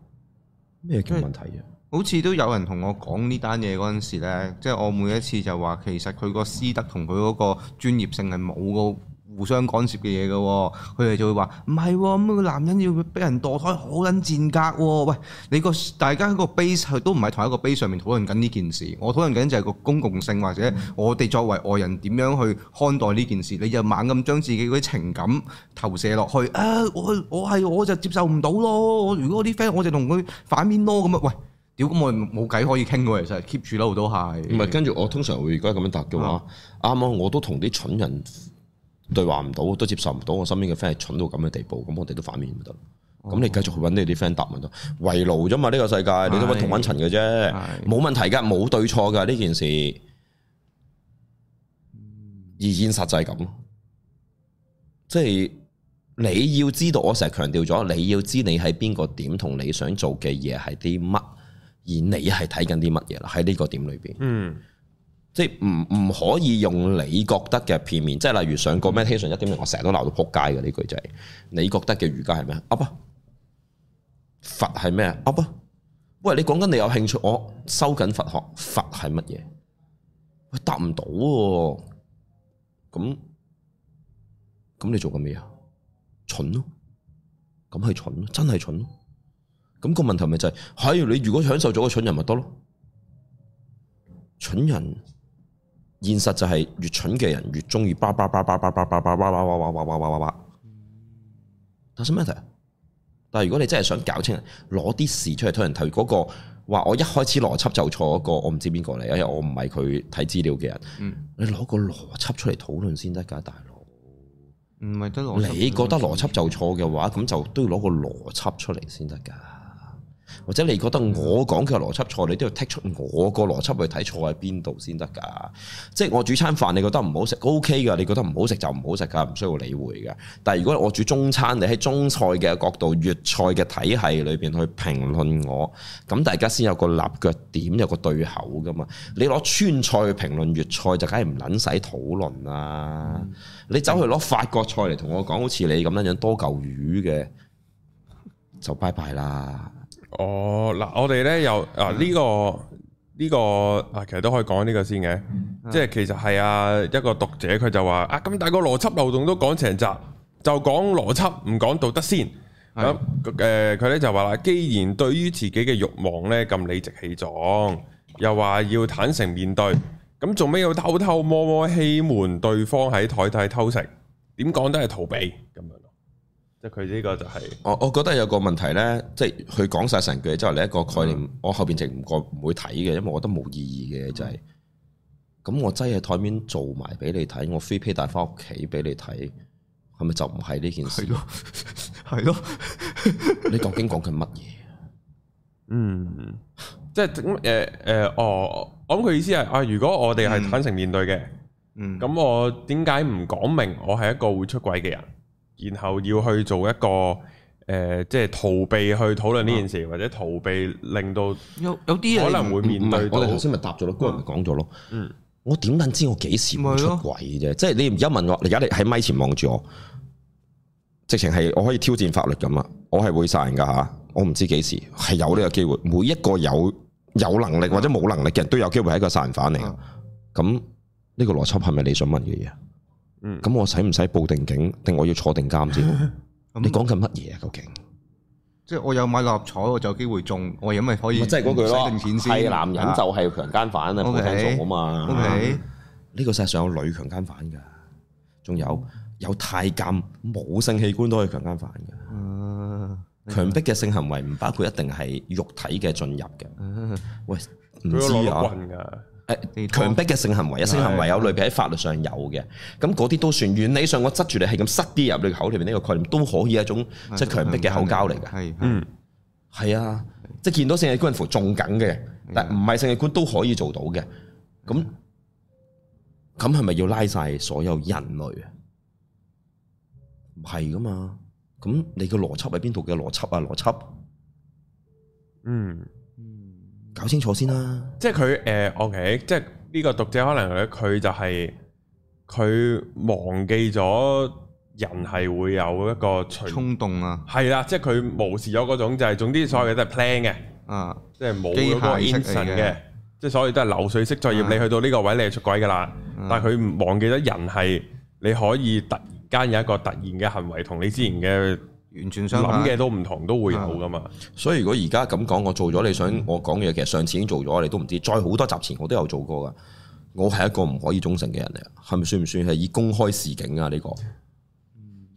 咩叫問題啊？嗯好似都有人同我講呢單嘢嗰陣時咧，即係我每一次就話其實佢個私德同佢嗰個專業性係冇個互相干涉嘅嘢嘅，佢哋就會話唔係咁，個男人要俾人墮胎好撚賤格喎！喂，你個大家喺個 base 都唔係同一個 base 上面討論緊呢件事，我討論緊就係個公共性或者我哋作為外人點樣去看待呢件事，你就猛咁將自己嗰啲情感投射落去啊！我，我係我就接受唔到咯，如果我啲 friend 我就同佢反面咯，咁啊喂！屌，咁我冇偈可以傾喎，其實 keep 住咯，都係。唔係，跟住我通常會而家咁樣答嘅話，啱啱的我都同啲蠢人對話唔到，都接受唔到。我身邊嘅 friend 係蠢到咁嘅地步，咁我哋都反面唔得咯。咁、哦、你繼續去揾你啲 friend 答問到，圍爐啫嘛。呢、呢個世界你都揾同溫層嘅啫，冇的問題噶，冇對錯噶。呢件事，而現實就係咁咯。即係你要知道，我成日強調咗，你要知你喺邊個點，同你想做嘅嘢係啲乜。而你係睇緊啲乜嘢啦？喺呢個點裏邊，嗯、即係唔唔可以用你覺得嘅片面，即係例如上個 meditation 一點零，我成日都鬧到撲街嘅呢句就係你覺得嘅瑜伽係咩啊？阿伯，佛係咩啊？阿伯，喂你講緊你有興趣，我收緊佛學，佛係乜嘢？喂、哎，答唔到喎，咁咁你做緊咩啊？蠢咯，咁係蠢咯，真係蠢咯、啊。咁個問題咪就係，係你如果享受咗個蠢人咪得咯，蠢人現實就係越蠢嘅人越中意叭叭叭叭叭叭叭叭叭叭叭叭叭叭，但係咩題？但係如果你真係想搞清，攞啲事出嚟推人頭，嗰個話我一開始邏輯就錯，嗰個我唔知邊個嚟，因為我唔係佢睇資料嘅人，你攞個邏輯出嚟討論先得㗎，大佬，唔係得邏輯。你覺得邏輯就錯嘅話，咁就都要攞個邏輯出嚟先得㗎。或者你覺得我講嘅邏輯錯，你都要剔出我個邏輯去睇錯喺邊度先得㗎。即係我煮餐飯，你覺得唔好食，OK 噶。你覺得唔好食就唔好食噶，唔需要理會嘅。但係如果我煮中餐，你喺中菜嘅角度、粵菜嘅體系裏邊去評論我，咁大家先有個立腳點，有個對口噶嘛。你攞川菜去評論粵菜，就梗係唔撚使討論啦。你走去攞法國菜嚟同我講，好似你咁樣樣多嚿魚嘅，就拜拜啦。哦，嗱，我哋咧又啊呢、呢個呢、呢個啊，其實都可以講呢個先嘅，嗯嗯、即係其實係啊一個讀者佢就話啊，咁大個邏輯漏洞都講成集，就講邏輯唔講道德先咁誒，佢咧、嗯啊、就話啦，既然對於自己嘅慾望咧咁理直氣壯，又話要坦誠面對，咁做咩要偷偷摸摸欺瞞對方喺台底偷食？點講都係逃避咁樣。佢呢個就係、是、我、哦，我覺得有個問題咧，即係佢講晒成句之後，你一個概念，嗯、我後邊直唔過唔會睇嘅，因為我覺得冇意義嘅就係、是，咁我擠喺台面做埋俾你睇，我飛皮帶翻屋企俾你睇，係咪就唔係呢件事？係咯，係咯， 你究竟講緊乜嘢？嗯，即、就、係、是，誒、呃、誒、呃，我我諗佢意思係啊，如果我哋係坦誠面對嘅，嗯，咁我點解唔講明我係一個會出軌嘅人？然後要去做一個誒、呃，即係逃避去討論呢件事，嗯、或者逃避令到有有啲人可能會面對、嗯。我哋頭先咪答咗咯，人咪講咗咯。嗯，我點撚知我幾時會出軌啫？嗯、即係你而家問我，而家你喺咪前望住我，直情係我可以挑戰法律咁啊！我係會殺人噶吓，我唔知幾時係有呢個機會。每一個有有能力或者冇能力嘅人都有機會係一個殺人犯嚟。咁、嗯、呢、嗯、個邏輯係咪你想問嘅嘢？嗯，咁我使唔使報定警，定我要坐定監先？嗯、你講緊乜嘢啊？究竟？即係我有買六合彩，我就有機會中，我因為可以即係嗰句咯，係男人就係強姦犯啊，無間罪啊嘛。呢個世界上有女強姦犯噶，仲有有太監冇性器官都可以強姦犯噶，啊。嗯，強迫嘅性行為唔包括一定係肉體嘅進入嘅。啊嗯、喂，唔知啊。啊誒，強迫嘅性行為，性行為有類別喺法律上有嘅，咁嗰啲都算。原理上我執住你係咁塞啲入你口裏邊呢個概念，都可以係一種的即係強迫嘅口交嚟嘅。係，啊，嗯、的即係見到性器官扶仲緊嘅，的但唔係性器官都可以做到嘅。咁咁係咪要拉晒所有人類啊？唔係噶嘛，咁你個邏輯喺邊度嘅邏輯啊？邏輯，嗯。搞清楚先啦、啊！即係佢誒，OK，即係呢個讀者可能佢就係、是、佢忘記咗人係會有一個衝動啊，係啦，即係佢無視咗嗰種、就是，就係總之所有嘢都係 plan 嘅，啊，即係冇嗰個 instinct 嘅，即係所以都係流水式作業。啊、你去到呢個位，你係出軌噶啦，啊、但係佢忘記咗人係你可以突然間有一個突然嘅行為同你之前嘅。完全想諗嘅都唔同，都會有噶嘛。嗯、所以如果而家咁講，我做咗你想我講嘢，其實上次已經做咗，你都唔知。再好多集前我都有做過噶。我係一個唔可以忠誠嘅人嚟，係咪算唔算係以公開示警啊？呢個，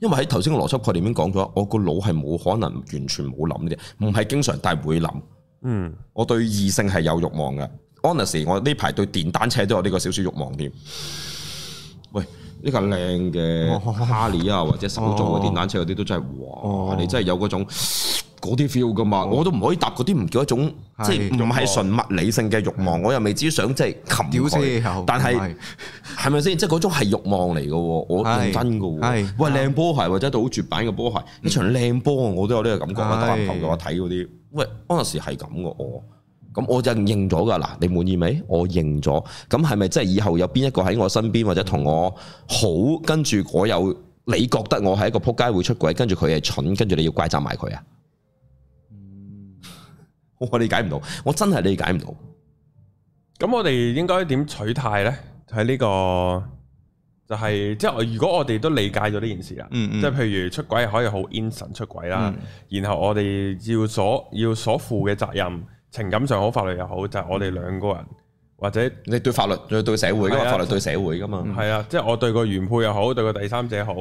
因為喺頭先個邏輯概念面講咗，我個腦係冇可能完全冇諗嘅，唔係經常，但係會諗。嗯，我對異性係有慾望嘅。on the 時，Honestly，我呢排對電單車都有呢個少少慾望添。喂。呢個靚嘅哈利啊，或者手錶嗰啲、單車嗰啲，都真係哇！你真係有嗰種嗰啲 feel 㗎嘛？我都唔可以搭嗰啲唔叫一種，即係唔係純物理性嘅慾望。我又未至於想即係擒佢，但係係咪先？即係嗰種係慾望嚟嘅喎，我認真嘅喎。喂，靚波鞋或者對好絕版嘅波鞋，一場靚波我都有呢個感覺。打籃球嘅話睇嗰啲，喂，嗰陣時係咁嘅我。咁我就認咗噶啦，你滿意未？我認咗，咁係咪即係以後有邊一個喺我身邊或者同我好，跟住我有？你覺得我係一個撲街會出軌，跟住佢係蠢，跟住你要怪責埋佢啊？嗯、我理解唔到，我真係理解唔到。咁我哋應該點取態呢？喺、就、呢、呢個就係、是、即係，如果我哋都理解咗呢件事啦，即係、嗯嗯、譬如出軌可以好 insane 出軌啦，然後我哋要所要所負嘅責任。情感上好，法律又好，就係、是、我哋兩個人或者你對法律，對社會，因為、啊、法律對社會㗎嘛。係啊，即係、嗯啊就是、我對個原配又好，對個第三者好，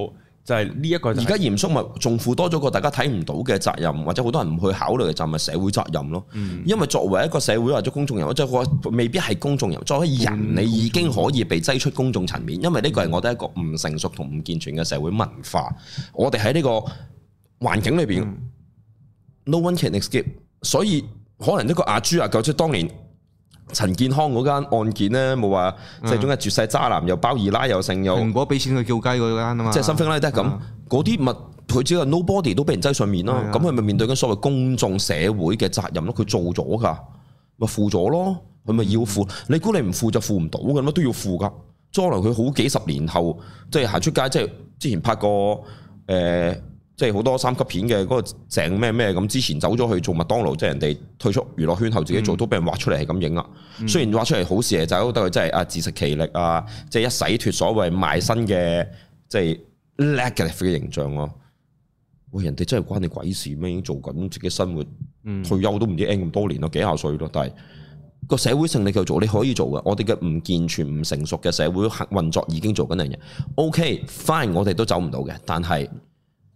就係呢一個、就是。而家嚴肅咪仲負多咗個大家睇唔到嘅責任，或者好多人唔去考慮嘅責任，就係社會責任咯。嗯、因為作為一個社會或者公眾人或者未必係公眾人，作為人你已經可以被擠出公眾層面，因為呢個係我哋一個唔成熟同唔健全嘅社會文化。我哋喺呢個環境裏邊、嗯、no one can escape，所以。可能一個阿豬阿狗，即係當年陳健康嗰間案件咧，冇話最終係絕世渣男，嗯、又包二奶，又成又蘋果俾錢佢叫雞嗰間啊嘛，即係 something like that，嗰啲咪佢只係 nobody 都俾人擠上面咯，咁佢咪面對緊所謂公眾社會嘅責任咯，佢做咗噶，咪負咗咯，佢咪要負。嗯、你估你唔負就負唔到嘅咩？乜都要負噶。將來佢好幾十年後，即係行出街，即係之前拍過誒。呃即係好多三級片嘅嗰個鄭咩咩咁，之前走咗去做麥當勞，即係人哋退出娛樂圈後自己做，嗯、都俾人挖出嚟係咁影啦。嗯、雖然挖出嚟好事嘅就係，但係佢真係啊自食其力啊，即係一洗脫所謂賣身嘅即係 negative 嘅形象咯。喂，人哋真係關你鬼事咩？已經做緊自己生活，嗯、退休都唔知 N 咁多年咯，幾廿歲咯。但係個社會性你去做，你可以做嘅。我哋嘅唔健全、唔成熟嘅社會運作已經做緊呢樣嘢。OK fine 我哋都走唔到嘅，但係。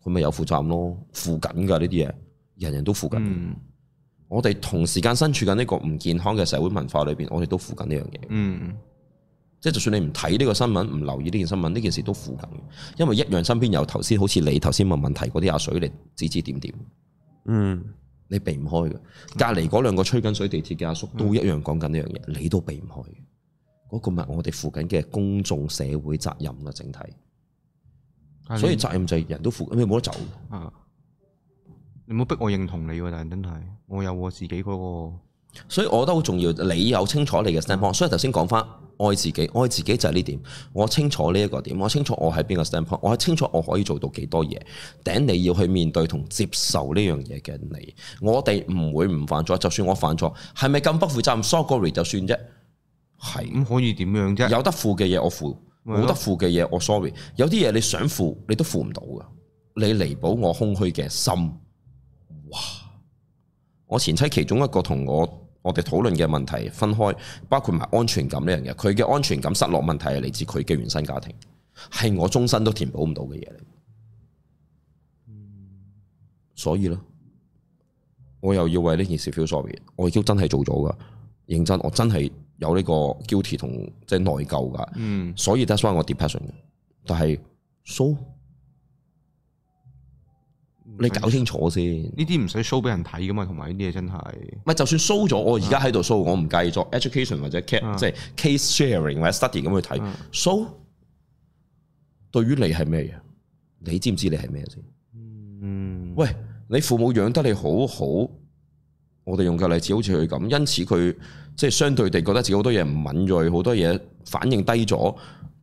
佢咪有負責任咯，負緊噶呢啲嘢，人人都負緊。嗯、我哋同時間身處緊呢個唔健康嘅社會文化裏邊，我哋都負緊呢樣嘢。嗯，即係就算你唔睇呢個新聞，唔留意呢件新聞，呢件事都負緊。因為一樣身邊有頭先好似你頭先問問題嗰啲阿水你指指點點。嗯，你避唔開嘅。隔離嗰兩個吹緊水地鐵嘅阿叔都一樣講緊呢樣嘢，嗯、你都避唔開嘅。嗰、嗰個咪我哋負緊嘅公眾社會責任嘅整體。所以責任就係人都負，咁你冇得走。啊！你冇逼我認同你，但係真係，我有我自己嗰、那個。所以我覺得好重要，你有清楚你嘅 standpoint、嗯。所以頭先講翻愛自己，愛自己就係呢點。我清楚呢一個點，我清楚我係邊個 standpoint，我係清楚我可以做到幾多嘢。頂你要去面對同接受呢樣嘢嘅你，我哋唔會唔犯錯。就算我犯錯，係咪咁不負責任？Sorry 就算啫，係咁、嗯、可以點樣啫？有得負嘅嘢我負。冇得付嘅嘢，我 sorry。有啲嘢你想付，你都付唔到㗎。你彌補我空虛嘅心，哇！我前妻其中一個同我，我哋討論嘅問題分開，包括埋安全感呢樣嘢。佢嘅安全感失落問題係嚟自佢嘅原生家庭，係我終身都填補唔到嘅嘢嚟。所以咧，我又要為呢件事 feel sorry。我已經真係做咗㗎，認真，我真係。有呢個 guilty 同即係內疚噶，嗯、所以 that's why 我 depression 但。但、so? 係 so、嗯、你搞清楚先，呢啲唔使 show 俾人睇噶嘛，同埋呢啲嘢真係。唔係就算 show 咗，啊、我而家喺度 show，我唔介意作 education 或者 case 即係 case sharing 或者 study 咁去睇。so、啊、so、so? 對於你係咩嘢？你知唔知你係咩先？嗯，喂，你父母養得你好好。好我哋用個例子好似佢咁，因此佢即係相對地覺得自己好多嘢唔敏銳，好多嘢反應低咗。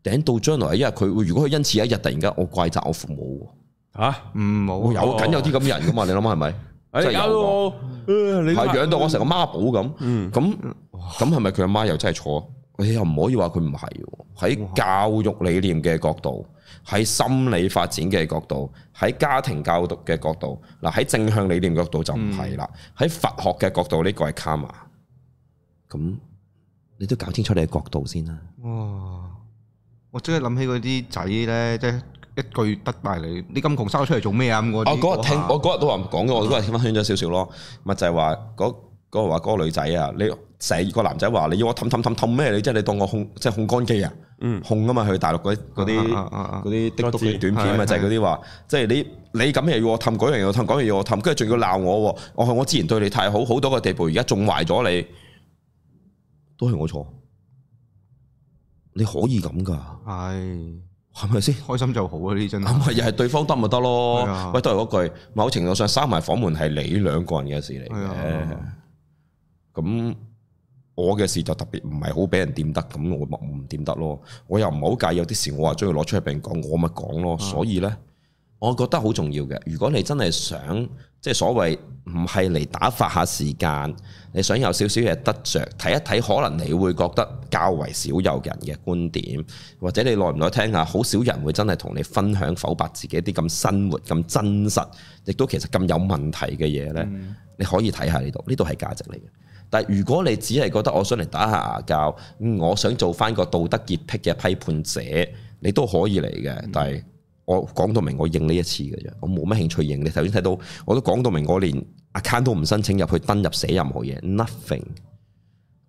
頂到將來，一日佢如果佢因此一日突然間，我怪責我父母吓，唔好有緊有啲咁嘅人噶嘛？你諗下係咪？誒有，係養到我成個孖寶咁，咁咁係咪佢阿媽又真係錯？我哋又唔可以話佢唔係喎，喺教育理念嘅角度，喺心理發展嘅角度，喺家庭教育嘅角度，嗱喺正向理念角度就唔係啦，喺佛學嘅角度呢個係 karma，咁你都搞清楚你嘅角度先啦。哇、哦！我即刻諗起嗰啲仔咧，即係一句得埋你。你咁窮，生咗出嚟做咩啊？咁我嗰日聽，我嗰日都話唔講嘅，我嗰日聽翻圈咗少少咯，咪就係話嗰個話個女仔啊，你成個男仔話你要我氹氹氹氹咩？你真係你當我控，即係控干機啊！控啊嘛，去大陸嗰嗰啲嗰啲的篤短片啊，就係嗰啲話，即係你你咁樣要我氹，嗰樣要我氹，嗰樣要我氹，跟住仲要鬧我，我我之前對你太好，好多個地步，而家仲壞咗你，都係我錯。你可以咁噶？係係咪先開心就好啊？呢真係咁係又係對方得咪得咯？喂，都係嗰句，某程度上閂埋房門係你兩個人嘅事嚟嘅。咁我嘅事就特別唔係好俾人掂得，咁我咪唔掂得咯。我又唔好介意，有啲事我話將佢攞出去俾人講，我咪講咯。所以呢，我覺得好重要嘅。如果你真係想，即係所謂唔係嚟打發下時間，你想有少少嘢得着，睇一睇，可能你會覺得較為少有的人嘅觀點，或者你耐唔耐聽下，好少人會真係同你分享剖白自己啲咁生活咁真實，亦都其實咁有問題嘅嘢呢。你可以睇下呢度，呢度係價值嚟嘅。但如果你只係覺得我想嚟打下牙鉸，嗯，我想做返個道德潔癖嘅批判者，你都可以嚟嘅。嗯、但係我講到明我認，我應呢一次嘅啫，我冇乜興趣應。你頭先睇到，我都講到明，我連 account 都唔申請入去登入寫任何嘢，nothing。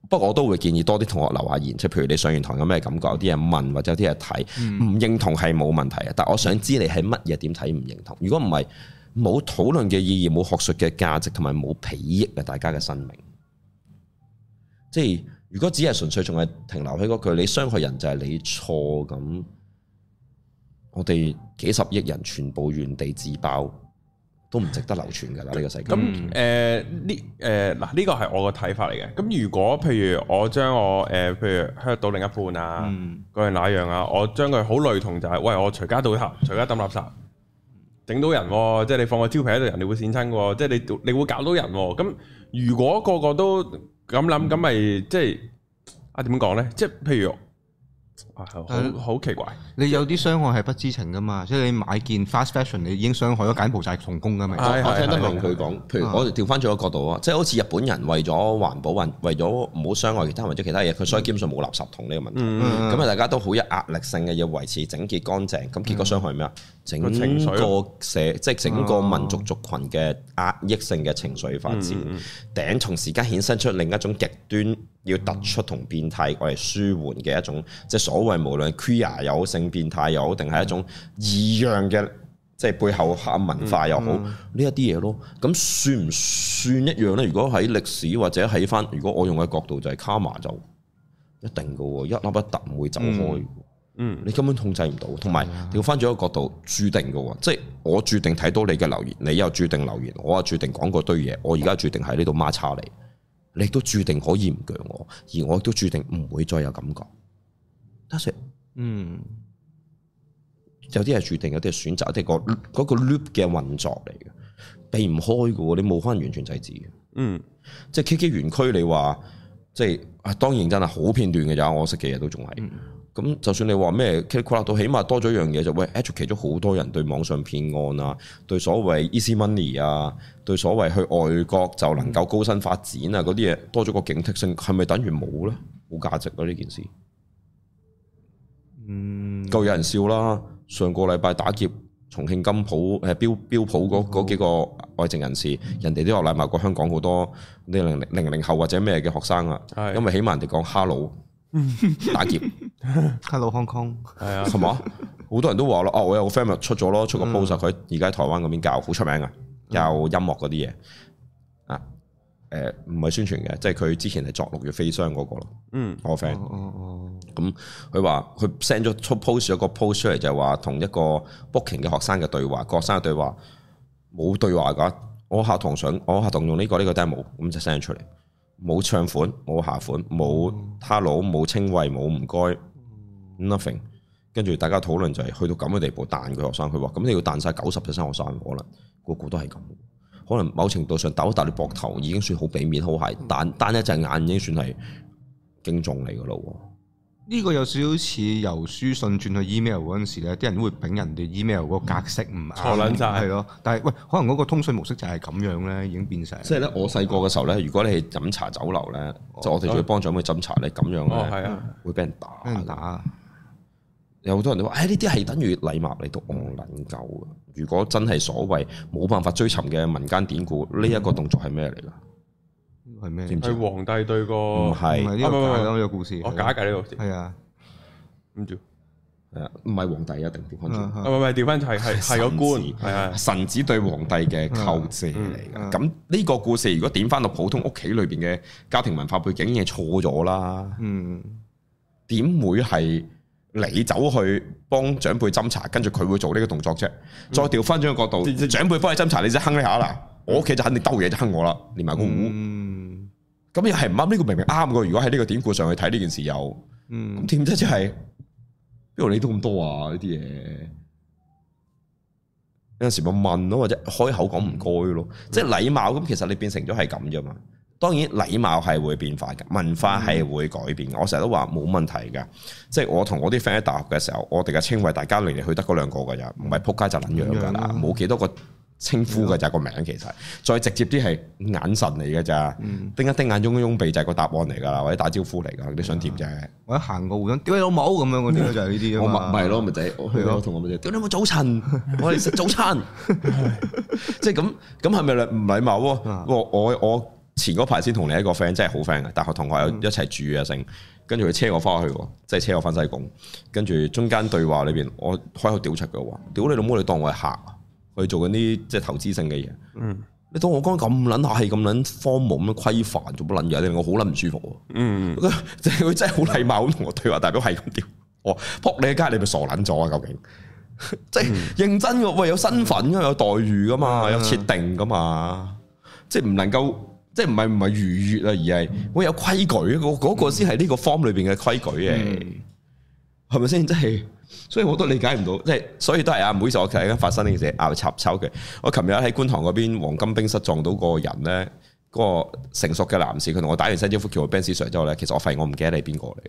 不過我都會建議多啲同學留下言，即譬如你上完堂有咩感覺，有啲人問或者有啲人睇，唔認同係冇問題嘅。但我想知你係乜嘢點睇唔認同。如果唔係冇討論嘅意義，冇學術嘅價值，同埋冇裨益嘅大家嘅生命。即係如果只係純粹仲係停留喺嗰句你傷害人就係你錯咁，我哋幾十億人全部原地自爆都唔值得流傳噶啦呢個世界。咁誒呢誒嗱呢個係我個睇法嚟嘅。咁如果如我我譬如我將我誒譬如 hurt 到另一半啊，嗰樣那樣啊，我將佢好類同就係、是、喂我隨街倒鞋，隨街抌垃圾，整到人、哦、即係你放個招牌喺度，人哋會閃親噶，即係你你會搞到人、哦。咁如果個個都。咁諗咁咪即係啊點講咧？即係、就是、譬如。係，啊、好好奇怪。你有啲傷害係不知情噶嘛？即、就、係、是、你買件 fast fashion，你已經傷害咗柬埔寨童工噶嘛？嗯、 我聽得明佢講。譬如我哋調翻咗個角度啊，即係好似日本人為咗環保，還為咗唔好傷害其他人，或者其他嘢，佢所以基本上冇垃圾桶呢個問題。咁啊、嗯，嗯、大家都好有壓力性嘅，要維持整潔乾淨。咁結果傷害咩啊？整，嗯、整個社，即係、嗯、整個民族族群嘅壓抑性嘅情緒發展。頂、嗯，從時間衍生出另一種極端。要突出同變態，我係舒緩嘅一種，即係所謂無論 queer 又好，性變態又好，定係一種異樣嘅，即係背後嚇文化又好，呢一啲嘢咯。咁算唔算一樣呢？如果喺歷史或者喺翻，如果我用嘅角度就係 karma 就一定嘅喎，一凹一凸唔會走開。嗯，你根本控制唔到。同埋掉翻咗一個角度，注定嘅喎，即係我注定睇到你嘅留言，你又注定留言，我又注定講嗰堆嘢，我而家注定喺呢度孖叉你。你都注定可以唔強我，而我都注定唔會再有感覺。但是，嗯，有啲係注定，有啲係選擇，有啲係嗰個 loop 嘅運作嚟嘅，避唔開㗎，你冇可能完全制止嘅。嗯，即 KK 區，即係 K K 園區，你話即係，當然真係好片段嘅咋，我識嘅嘢都仲係。嗯咁就算你話咩，keep up 到起碼多咗一樣嘢就喂 educate 咗好多人對網上騙案啊，對所謂 easy money 啊，對所謂去外國就能夠高薪發展啊嗰啲嘢，多咗個警惕性，係咪等於冇呢？冇價值啊呢件事，嗯，夠有人笑啦！上個禮拜打劫重慶金舖誒標，標普嗰嗰幾個外籍人士，嗯、人哋都有禮貌過香港好多，啲零零零零後或者咩嘅學生啊，的因為起碼人哋講 hello。打劫，Hello 香港係啊，係嘛有？好 多人都話咯，哦，我有個 friend 咪出咗咯，出個 post 佢而家喺台灣嗰邊教，好出名有啊，又音樂嗰啲嘢啊，誒，唔係宣傳嘅，即係佢之前係作六月飛霜、那個》嗰個咯，嗯，我個 friend，哦哦，咁佢話佢 send 咗出 post 一個 post 出嚟，就係話同一個 booking 嘅學生嘅對話，個學生嘅對話，冇對話噶，我課堂上，我課堂用呢、這個呢、這個 demo，咁就 send 出嚟。冇唱款，冇下款，冇他佬，冇稱謂，冇唔該，Nothing。跟住大家討論就係、是、去到咁嘅地步，彈佢學生，佢話：，咁你要彈晒九十 percent 學生可能個個都係咁，可能某程度上打一打你膊頭已經算好俾面好係，彈單一隻眼已經算係敬重你嘅咯。呢個有少少似由書信轉去 email 嗰陣時咧，啲人都會評人哋 email 嗰個格式唔啱，係咯、嗯。但係喂，可能嗰個通訊模式就係咁樣咧，已經變成。即係咧，我細個嘅時候咧，如果你係飲茶酒樓咧，哦、就我哋仲要幫掌嘅斟茶咧，咁樣咧會俾人打。哦啊、有好多人都話：，哎，呢啲係等於禮貌嚟到戇撚鳩㗎。如果真係所謂冇辦法追尋嘅民間典故，呢一、嗯、個動作係咩嚟㗎？係咩？係皇帝對個，唔係唔係唔係，呢個故事我假計呢個故事係啊，唔住係啊，唔係皇帝一定調翻轉？唔係唔係調翻，係係係個官係啊，臣子對皇帝嘅叩謝嚟噶。咁呢個故事如果點翻到普通屋企裏邊嘅家庭文化背景，已經係錯咗啦。嗯，點會係你走去幫長輩斟茶，跟住佢會做呢個動作啫？再調翻轉角度，長輩幫你斟茶，你即哼一下啦。我屋企就肯定兜嘢就坑我啦，連埋個壺。咁又係唔啱？呢個明明啱噶。如果喺呢個典故上去睇呢件事有，嗯，咁點啫？即係邊度理到咁多啊？呢啲嘢有陣時咪問咯，或者開口講唔該咯，即係禮貌。咁其實你變成咗係咁啫嘛。當然禮貌係會變化嘅，文化係會改變。我成日都話冇問題噶。即係我同我啲 friend 喺大學嘅時候，我哋嘅稱謂大家嚟嚟去得嗰兩個嘅，又唔係撲街就撚樣噶啦，冇幾多個。稱呼嘅就係個名，其實再直接啲係眼神嚟嘅咋？盯、嗯、一盯眼喐喐鼻就係個答案嚟㗎啦，或者打招呼嚟㗎，你想點啫、嗯。我行過護工，屌你老母咁樣嗰啲就係呢啲。我咪咪係咯，咪就係我去咗同我咪就係屌你老母早晨，我哋食早餐。即係咁咁係咪嚟唔禮貌喎？我我前嗰排先同你一個 friend，真係好 friend 嘅大學同學友一齊住啊成，跟住佢車我翻去，即係車我翻西貢，跟住中間對話裏邊，我開口屌出佢話，屌你老母你，你，你當我係客。去做緊啲即係投資性嘅嘢，嗯、你當我講咁卵下氣、咁卵 form 咁樣規範做乜捻嘢，令我好卵唔舒服。嗯，即係佢真係好禮貌，好同我對話，代表係咁調。我扑你嘅街，你咪傻卵咗啊！究 竟即係認真嘅，喂，有身份噶，因為有待遇噶嘛，有設定噶嘛、嗯，即係唔能夠，即係唔係唔係逾越啊，而係我有規矩，我嗰個先係呢個 form 裏邊嘅規矩嘅，係咪先？即係。所以我都理解唔到，即係所以都係啊。每次我其睇緊發生呢件事，拗插抽嘅。我琴日喺觀塘嗰邊黃金冰室撞到個人咧，嗰個成熟嘅男士，佢同我打完聲招呼叫我 Ben Sir 之後咧，其實我發現我唔記得你係邊個嚟。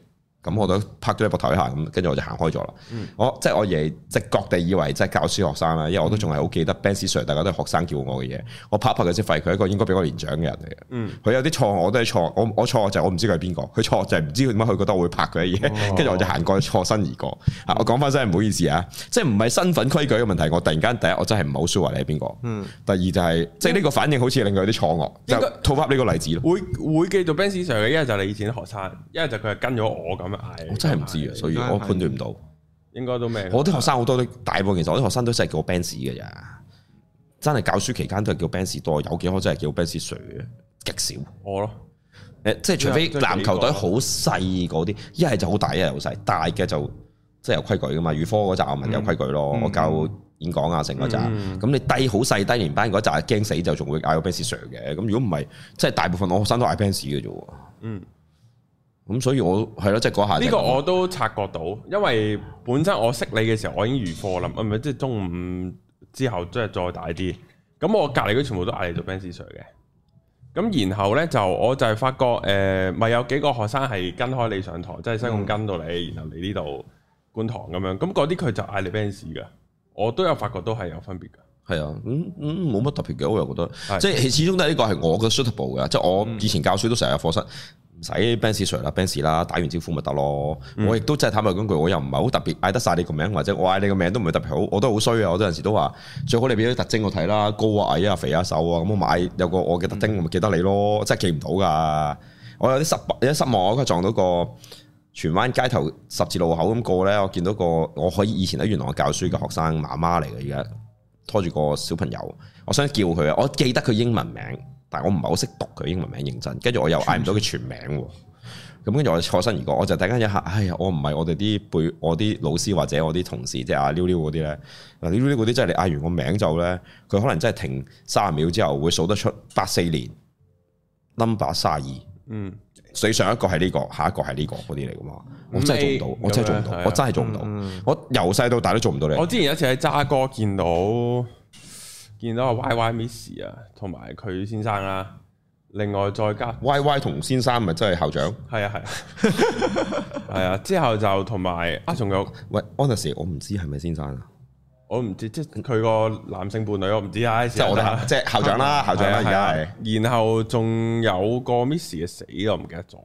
咁我都拍咗一個台下，咁跟住我就行開咗啦。嗯、我即係、就是、我即直、就是、各地以為即係教師學生啦，因為我都仲係好記得 Ben Sir，大家都學生叫我嘅嘢。我拍一拍佢先，發現佢一個應該比我年長嘅人嚟嘅。佢、嗯、有啲錯我都係錯，我我錯就我唔知佢係邊個。佢錯就係唔知點解佢覺得我會拍佢嘅嘢，跟住、哦、我就行過錯身而過。嗯、我講翻先，唔好意思啊，即係唔係身份規矩嘅問題。我突然間第一我真係唔好 sure 話你係邊個。第二就係、是、即係呢個反應好似令佢有啲錯愕，該就套翻呢個例子咯。會會記到 Ben Sir 嘅，因係就你以前學生，因係就佢係跟咗我咁。我真係唔知啊，所以我判斷唔到。應該都未。我啲學生好多都大部，分其實我啲學生都真係叫 band 子嘅咋。真係教書期間都係叫 band 士多。有幾可真係叫 band 子 sir 嘅，極少。我咯呢，誒，即係除非籃球隊好細嗰啲，一係、嗯、就好大，一係好細。大嘅就即係有規矩噶嘛。語科嗰紮咪有規矩咯。嗯、我教演講啊，成嗰扎。咁你低好細低年班嗰扎，驚死就仲會嗌個 band sir 嘅。咁如果唔係，即、就、係、是、大部分我學生都嗌 band 士嘅啫。嗯。咁所以我係咯，即係嗰下。呢、就是、個我都察覺到，因為本身我識你嘅時候，我已經預課啦，唔係即係中午之後，即係再大啲。咁我隔籬嗰啲全部都嗌你做 Benz Sir 嘅。咁然後呢，就我就係發覺，誒、呃，咪有幾個學生係跟開你上堂，即、就、係、是、西貢咁跟到你，然後嚟呢度觀塘咁樣。咁嗰啲佢就嗌你 Benz Sir 嘅。我都有發覺，都係有分別噶。係啊，冇、嗯、乜、嗯、特別嘅，我又覺得，是即係始終都係呢個係我嘅 suitable 嘅，嗯、即係我以前教書都成日有課室。使 banksure 啦，banks 啦，打完招呼咪得咯。嗯、我亦都真係坦白講句，我又唔係好特別嗌得晒你個名，或者我嗌你個名都唔係特別好，我都好衰啊！我有陣時都話最好你俾啲特徵我睇啦，高啊、矮啊、肥啊、瘦啊，咁我買有個我嘅特徵，我咪記得你咯，真係記唔到㗎。嗯、我有啲失有啲失望，我今日撞到個荃灣街頭十字路口咁過呢。我見到個我可以以前喺元朗教書嘅學生媽媽嚟嘅，而家拖住個小朋友，我想叫佢，我記得佢英文名。但我唔係好識讀佢英文名，認真。跟住我又嗌唔到佢全名喎。咁跟住我錯身而過，我就突然間一下一，哎呀！我唔係我哋啲背，我啲老師或者我啲同事，即係阿 Lulu 嗰啲咧。嗱 Lulu 嗰啲真係你嗌完個名就咧，佢可能真係停三十秒之後會數得出八四年。Number 三二，嗯，最上一個係呢個，下一個係呢個，嗰啲嚟㗎嘛。我真係做唔到，我真係做唔到，我真係做唔到。啊、我由細到大都做唔到你。我之前有一次喺渣哥見到。見到阿 Y Y Miss 啊，同埋佢先生啦，另外再加 Y Y 同先生咪真係校長？係啊係，係啊， 啊。之後就同埋啊，仲有喂，Anas，我唔知係咪先生啊？我唔知，即係佢個男性伴侶，我唔知啊。啊即係我得，即係校長啦， 校長啦，而家係。然後仲有個 Miss 嘅死，我唔記得咗。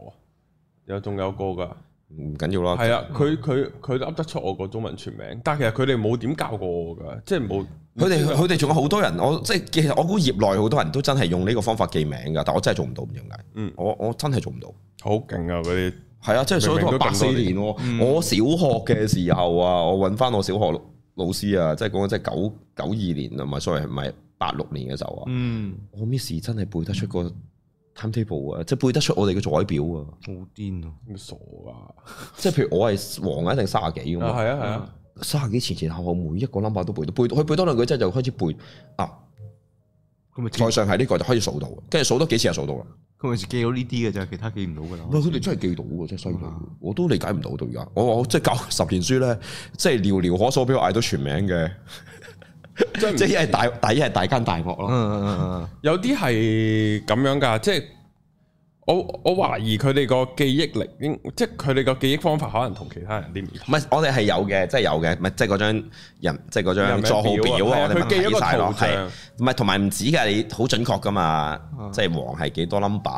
有仲有個㗎。唔緊要啦，係啊，佢佢佢噏得出我個中文全名，但係其實佢哋冇點教過我噶，即係冇，佢哋佢哋仲有好多人，我即係其實我估業內好多人都真係用呢個方法記名噶，但我真係做唔到，唔知點解，嗯，我我真係做唔到，嗯、好勁啊！嗰啲係啊，即係所以都八四年，嗯、我小學嘅時候啊，我搵翻我小學老師啊，即係講緊即係九九二年啊嘛。sorry 係唔係八六年嘅時候啊，嗯，我 miss 真係背得出那個。time table 啊，即係背得出我哋嘅座位表啊，好癲啊，傻啊！即係譬如我係黃眼一定卅幾咁，係啊係啊，卅幾前前後後每一個 number 都背到，背到佢背多兩句之後，就開始背啊。咁啊、就是，再上係呢個就開始數到，跟住數多幾次就數到啦。佢咪記到呢啲嘅就係，其他記唔到噶啦。佢哋 真係記到嘅，真係犀利。我都理解唔到到而家。我我即係教十年書咧，即係寥寥可數俾我嗌到全名嘅。 即係一係大，第一係大間 大屋咯。嗯嗯嗯嗯， 有啲係咁樣噶，即係我我懷疑佢哋個記憶力，應即係佢哋個記憶方法可能同其他人啲唔同。唔係，我哋係有嘅，即係有嘅，唔係即係嗰張人，即係嗰張座號表啊，我哋記咗晒咯，係唔係？同埋唔止噶，你好準確噶嘛，啊、即係黃係幾多 number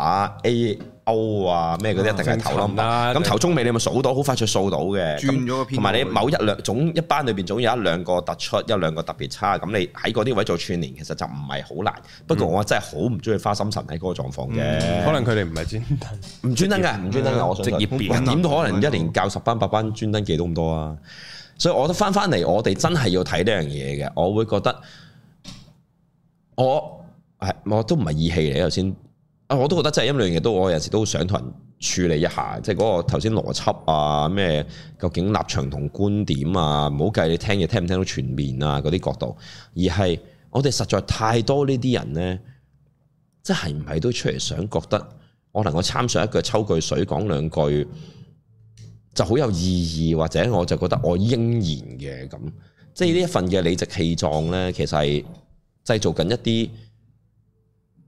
A。勾啊咩嗰啲一定係頭啦，咁頭中尾你咪數到，好快就數到嘅。轉咗個偏，同埋你某一兩總一班裏邊總有一兩個突出，一兩個特別差，咁你喺嗰啲位做串聯，其實就唔係好難。不過我真係好唔中意花心神喺嗰個狀況嘅。可能佢哋唔係專登，唔專登嘅，唔專登嘅。我職業變點都可能一年教十班八班，專登記到咁多啊。所以我覺得翻翻嚟，我哋真係要睇呢樣嘢嘅。我會覺得我係我都唔係意氣嚟頭先。啊！我都覺得即係一兩樣嘢，都我有時都想同人處理一下，即係嗰個頭先邏輯啊，咩究竟立場同觀點啊，唔好計你聽嘢聽唔聽到全面啊，嗰啲角度，而係我哋實在太多呢啲人呢，即係唔係都出嚟，想覺得我能夠參上一句抽句水講兩句，就好有意義，或者我就覺得我應然嘅咁，即係呢一份嘅理直氣壯呢，其實係製造緊一啲。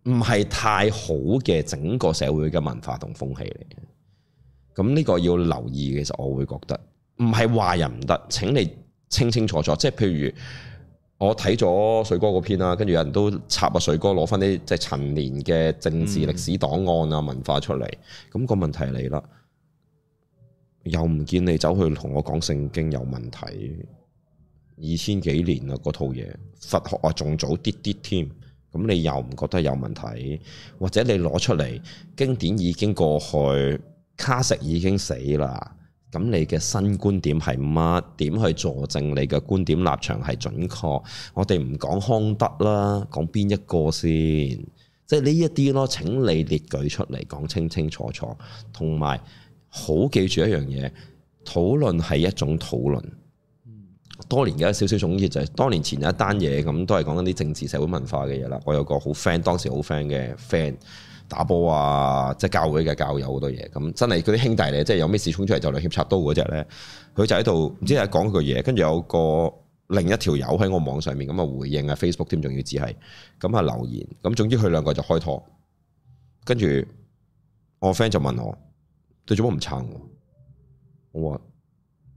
唔係太好嘅整個社會嘅文化同風氣嚟嘅，咁呢個要留意，其實我會覺得唔係話人唔得，請你清清楚楚，即係譬如我睇咗水哥嗰篇啦，跟住有人都插啊，水哥攞翻啲即係陳年嘅政治歷史檔案啊文化出嚟，咁、嗯、個問題嚟啦，又唔見你走去同我講聖經有問題，二千幾年啦，嗰套嘢佛學啊仲早啲啲添。咁你又唔覺得有問題？或者你攞出嚟經典已經過去，卡石已經死啦。咁你嘅新觀點係乜？點去佐證你嘅觀點立場係準確？我哋唔講康德啦，講邊一個先？即係呢一啲咯。請你列舉出嚟，講清清楚楚。同埋好記住一樣嘢，討論係一種討論。多年嘅一少少總結就係多年前有一單嘢咁，都係講緊啲政治社會文化嘅嘢啦。我有個好 friend，當時好 friend 嘅 friend 打波啊，即係教會嘅教友好多嘢。咁真係嗰啲兄弟咧，即係有咩事衝出嚟就嚟協插刀嗰隻咧，佢就喺度唔知係講句嘢，跟住有個另一條友喺我網上面咁啊回應啊 Facebook 添，仲要只係咁啊留言。咁總之佢兩個就開拖，跟住我 friend 就問我對做乜唔撐我。我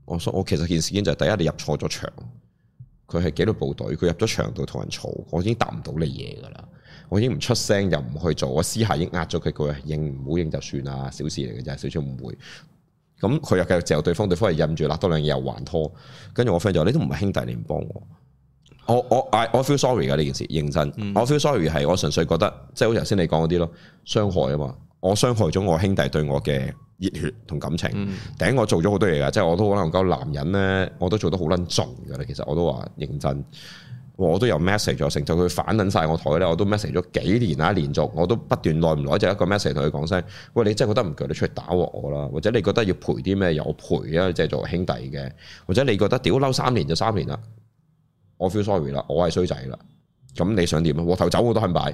我說我其實件事件就係第一你入錯咗場，佢係紀律部隊，佢入咗場度同人嘈，我已經答唔到你嘢噶啦，我已經唔出聲又唔去做，我私下已經呃咗佢，佢話認唔好認就算啦，小事嚟嘅咋，少少誤會。咁佢又繼續之後對方對方又忍住啦，多兩嘢又還拖，跟住我 friend 就話你都唔係兄弟，你唔幫我，我我我 feel sorry 噶呢件事，認真，嗯、我 feel sorry 係我純粹覺得即係、就是、好似頭先你講嗰啲咯，傷害啊嘛，我傷害咗我兄弟對我嘅。熱血同感情，頂、嗯、我做咗好多嘢噶，即係我都可能夠男人呢，我都做得好捻盡噶啦。其實我都話認真，我都有 message 咗成就佢反捻晒我台咧，我都 message 咗幾年啦，連續我都不斷耐唔耐就一個 message 同佢講聲，喂，你真係覺得唔夠你出嚟打鑊我啦，或者你覺得要賠啲咩又我賠啊，即係做兄弟嘅，或者你覺得屌嬲三年就三年啦，我 feel sorry 啦，我係衰仔啦，咁你想點啊？我頭走我都肯擺。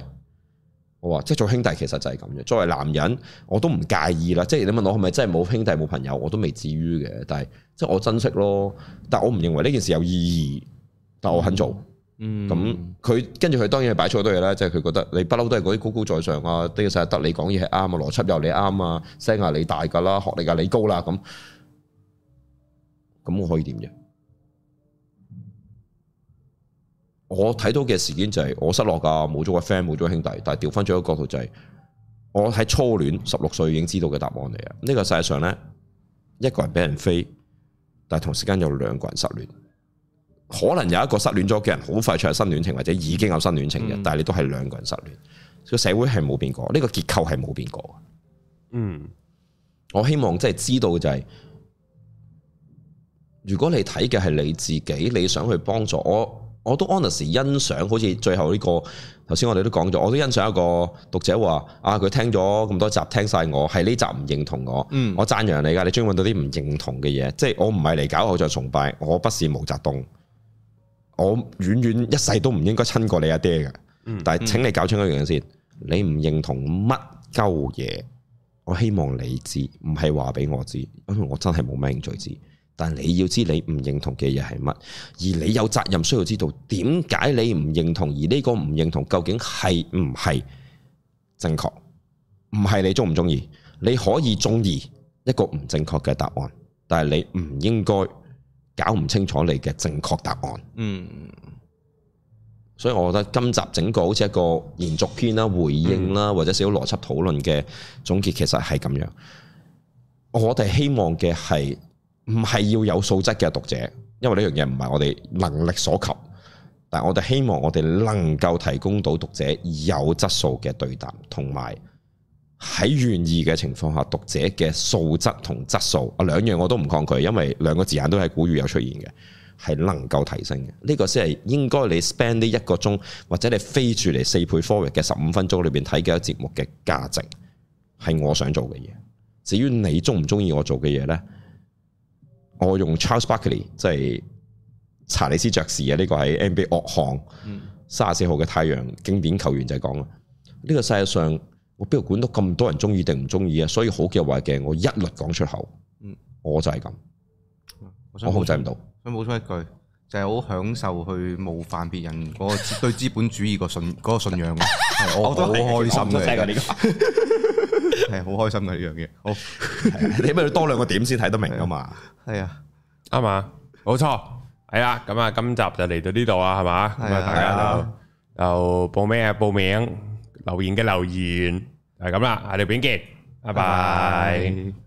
我話即係做兄弟其實就係咁樣。作為男人，我都唔介意啦。即係你問我係咪真係冇兄弟冇朋友，我都未至於嘅。但係即係我珍惜咯。但我唔認為呢件事有意義，但我肯做。嗯，咁佢跟住佢當然係擺錯好多嘢啦。即係佢覺得你不嬲都係嗰啲高高在上啊，啲嘢成日得你講嘢係啱啊，邏輯又你啱啊，聲啊你大㗎啦，學歷又你高啦，咁咁我可以點啫？我睇到嘅事件就係我失落噶，冇咗個 friend，冇咗兄弟，但係調翻咗一個角度就係我喺初戀十六歲已經知道嘅答案嚟啊！呢個世界上呢，一個人俾人飛，但係同時間有兩個人失戀，可能有一個失戀咗嘅人好快出新戀情或者已經有新戀情嘅，但係你都係兩個人失戀。個社會係冇變過，呢、這個結構係冇變過。嗯，我希望即係知道就係、是，如果你睇嘅係你自己，你想去幫助我。我都 onus 欣賞，好似最後呢個頭先我哋都講咗，我都欣賞一個讀者話：，啊，佢聽咗咁多集，聽晒我，係呢集唔認同我。嗯，我讚揚你噶，你終於揾到啲唔認同嘅嘢，即係我唔係嚟搞偶像崇拜，我不是毛澤東，我遠遠一世都唔應該親過你阿爹嘅。但係請你搞清楚一樣先，嗯嗯、你唔認同乜鳩嘢，我希望你知，唔係話俾我知，因為我真係冇咩興趣知。但你要知你唔認同嘅嘢係乜，而你有責任需要知道點解你唔認同，而呢個唔認同究竟係唔係正確？唔係你中唔中意？你可以中意一個唔正確嘅答案，但係你唔應該搞唔清楚你嘅正確答案。嗯，所以我覺得今集整個好似一個延續篇啦、回應啦，或者少邏輯討論嘅總結，其實係咁樣。我哋希望嘅係。唔係要有素質嘅讀者，因為呢樣嘢唔係我哋能力所及。但我哋希望我哋能夠提供到讀者有質素嘅對答，同埋喺願意嘅情況下，讀者嘅素質同質素啊兩樣我都唔抗拒，因為兩個字眼都係古語有出現嘅，係能夠提升嘅呢。呢個先係應該你 spend 呢一個鐘或者你飛住嚟四倍 f o 嘅十五分鐘裏邊睇嘅節目嘅價值係我想做嘅嘢。至於你中唔中意我做嘅嘢呢？我用 Charles Barkley 即係查理斯爵士啊，呢、這個喺 NBA 惡行，三十四號嘅太陽經典球員就係講啦。呢、這個世界上，我邊度管到咁多人中意定唔中意啊？所以好嘅壞嘅，我一律講出口。嗯，我就係咁，我控制唔到。想補充一句，就係、是、好享受去冒犯別人嗰個對資本主義個信嗰 個信仰。我好 開心嘅。 係好開心嘅呢樣嘢，好起碼 要多兩個點先睇得明啊嘛，係啊啱嘛？冇錯係啊，咁啊今集就嚟到呢度啊，係嘛，咁啊的大家就的就報咩啊報名，留言嘅留言係咁啦，下條片見，拜拜。